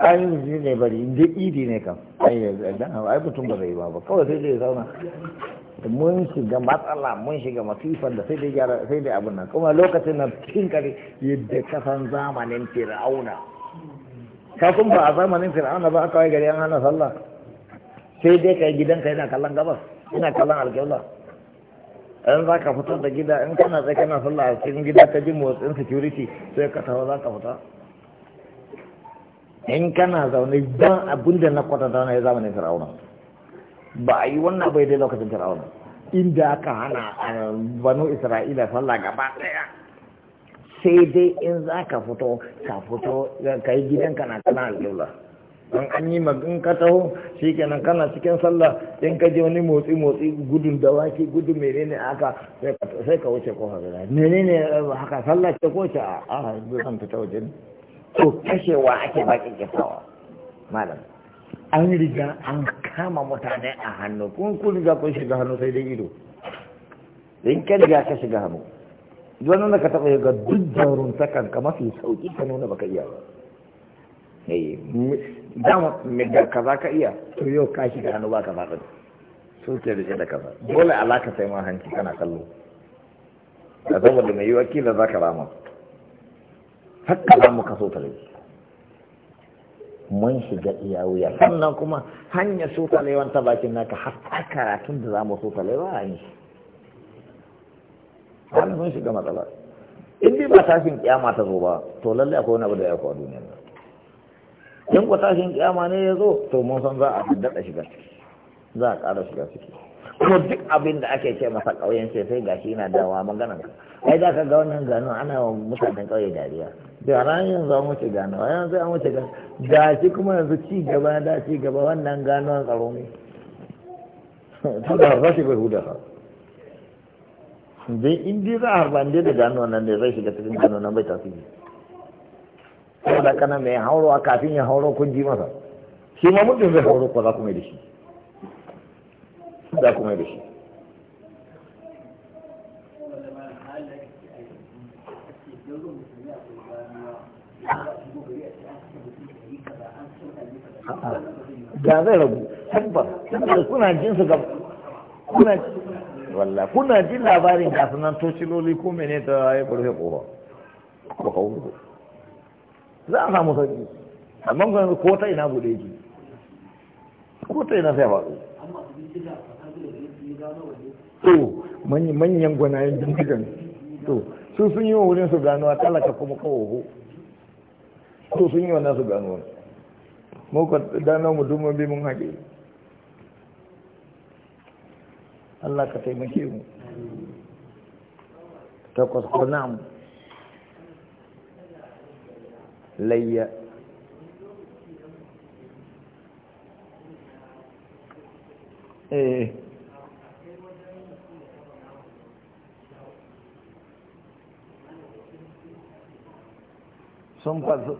An ji ne bari inda idi ne kam ai mutum ba zai ba ba kawai sai dai zauna mun shiga matsala mun shiga masifar da sai dai gyara sai dai abin nan kuma lokacin na cikin kare yadda kasan zamanin fir'auna ka kun ba a zamanin fir'auna ba aka wai gari an hana sallah sai dai kai gidanka yana kallon gabas yana kallon alƙibla in za ka fitar da gida in kana tsaye kana sallah a cikin gida ka ji motsin security sai ka taho za ka fita in kana zaune ban abinda da na kwata zaune ya zamanin fir'auna ba a yi wannan bai dai lokacin fir'auna inda aka hana a banu isra'ila sallah gaba daya sai dai in za ka fito ka fito ka yi gidan kan'a kana alƙibla don an yi magin ka taho shi kenan kana cikin sallah in ka je wani motsi motsi gudun dawaki gudun ne aka sai ka wuce kofar gida ne haka sallah ce ko ce a a zan fita waje to kashewa ake bakin kisawa malam an riga an kama mutane a hannu kun kun riga kun shiga hannu sai dai ido in ka riga ka shiga hannu wani da ka taɓa ga duk jarun takan ka mafi sauƙi ka nuna baka iya ba eh, dama da kaza ka iya to yau ka shiga hannu ba ka faɗi sun ke rike da kaza dole alaka sai ma hanci kana kallo da saboda mai yiwa kila za ka rama hakka za mu kaso talauci mun shiga iya wuya sannan kuma hanyar so talewan ta bakin naka har karatun da za mu so talewa a yi wani mun shiga matsala in dai ba tashin kiyama ta zo ba to lalle akwai wani abu da ya kawo duniya in ku tashin kiyama ne ya zo to mun san za a daɗa shiga ciki za a ƙara shiga ciki kuma duk abin da ake ce masa ƙauyen sai sai gashi yana dawa maganar ai za ka ga wannan gano ana mutanen ƙauye dariya da ran yanzu an wuce gano yanzu an wuce gano da shi kuma yanzu ci gaba da ci gaba wannan gano tsaro ne ta da harba shi bai huda ha dai in dai za a harba dai da gano nan ne zai shiga cikin gano nan bai tasiri da kana mai hauro a kafin ya hauro kun ji masa shi ma mutum zai hauro ko za ku mai da shi za ku mai da shi da zai rabu tabbas kuna jin su ga kuna wallah kuna jin labarin ga sunan tociloli ko mene ta ya burfe kofa ko kawo za a samu sauki amma kuma ko ta ina bude ji ko ta ina sai faɗo to manyan gwanayen bindigan to su sun yi wa wurin su ganuwa talaka kuma kawo to sun yi wannan su ganuwa mu ko mu duma bi mun haƙe Allah ka taimake mu ta kwaskwana mu layya eh sun fasu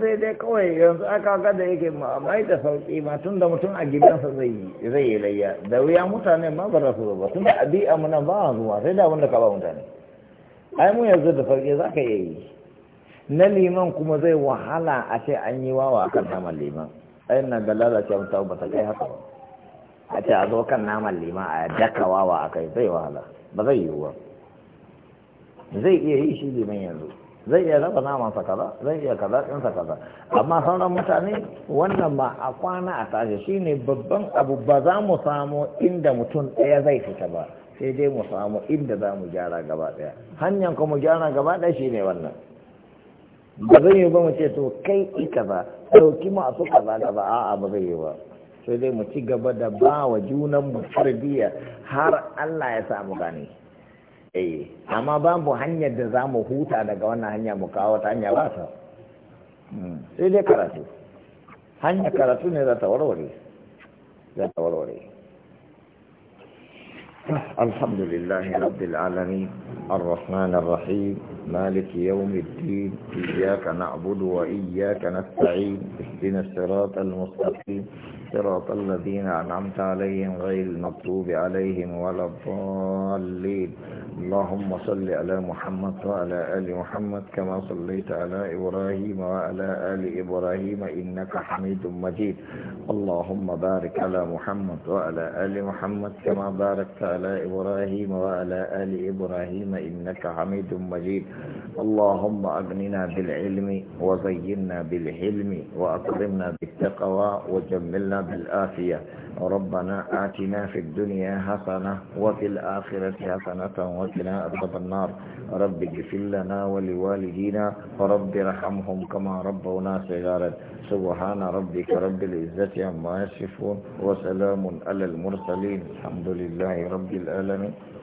sai dai kawai yanzu aka ga da yake mai da sauki ma tun da mutum a gidansa zai yi zai yi layya da wuya mutane ma ba za su ba tun da abi'a muna ba a zuwa sai da abin da ka ba mutane ai mu yanzu da sauki za ka iya yi na liman kuma zai wahala a ce an yi wawa a kan naman liman ai na ga lalace mutum ba ta kai haka ba a ce a zo kan naman liman a daka wawa a kai zai wahala ba zai yi ba zai iya yi shi liman yanzu zai iya raba namansa kaza zai iya kaza ɗinsa kaza amma sauran mutane wannan ma a kwana a tashi shine babban abu ba za mu samu inda mutum ɗaya zai fita ba sai dai mu samu inda za mu gyara gaba ɗaya hanyar ko mu gyara gaba ɗaya shine wannan ba zai yi ba mu ce to kai i kaza ɗauki masu kaza kaza a ba zai yi ba sai dai mu ci gaba da ba wa junanmu tarbiyya har Allah ya samu gane. eh amma babu hanyar da za mu huta daga wannan hanya mu kawo ta hanya ba ta hmm, sai dai karatu hanya karatu ne za ta warware za ta warware الحمد لله رب العالمين الرحمن الرحيم مالك يوم الدين إياك نعبد وإياك نستعين اهدنا الصراط المستقيم صراط الذين أنعمت عليهم غير المغضوب عليهم ولا الضالين اللهم صل على محمد وعلى آل محمد كما صليت على إبراهيم وعلى آل إبراهيم إنك حميد مجيد اللهم بارك على محمد وعلى آل محمد كما باركت على إبراهيم وعلى آل إبراهيم إنك حميد مجيد اللهم أغننا بالعلم وزينا بالحلم وأكرمنا بالتقوى وجملنا بالآفية ربنا آتنا في الدنيا حسنة وفي الآخرة حسنة وقنا عذاب النار رب اغفر لنا ولوالدينا ورب ارحمهم كما ربونا صغارا سبحان ربك رب العزة عما يصفون وسلام على المرسلين الحمد لله رب العالمين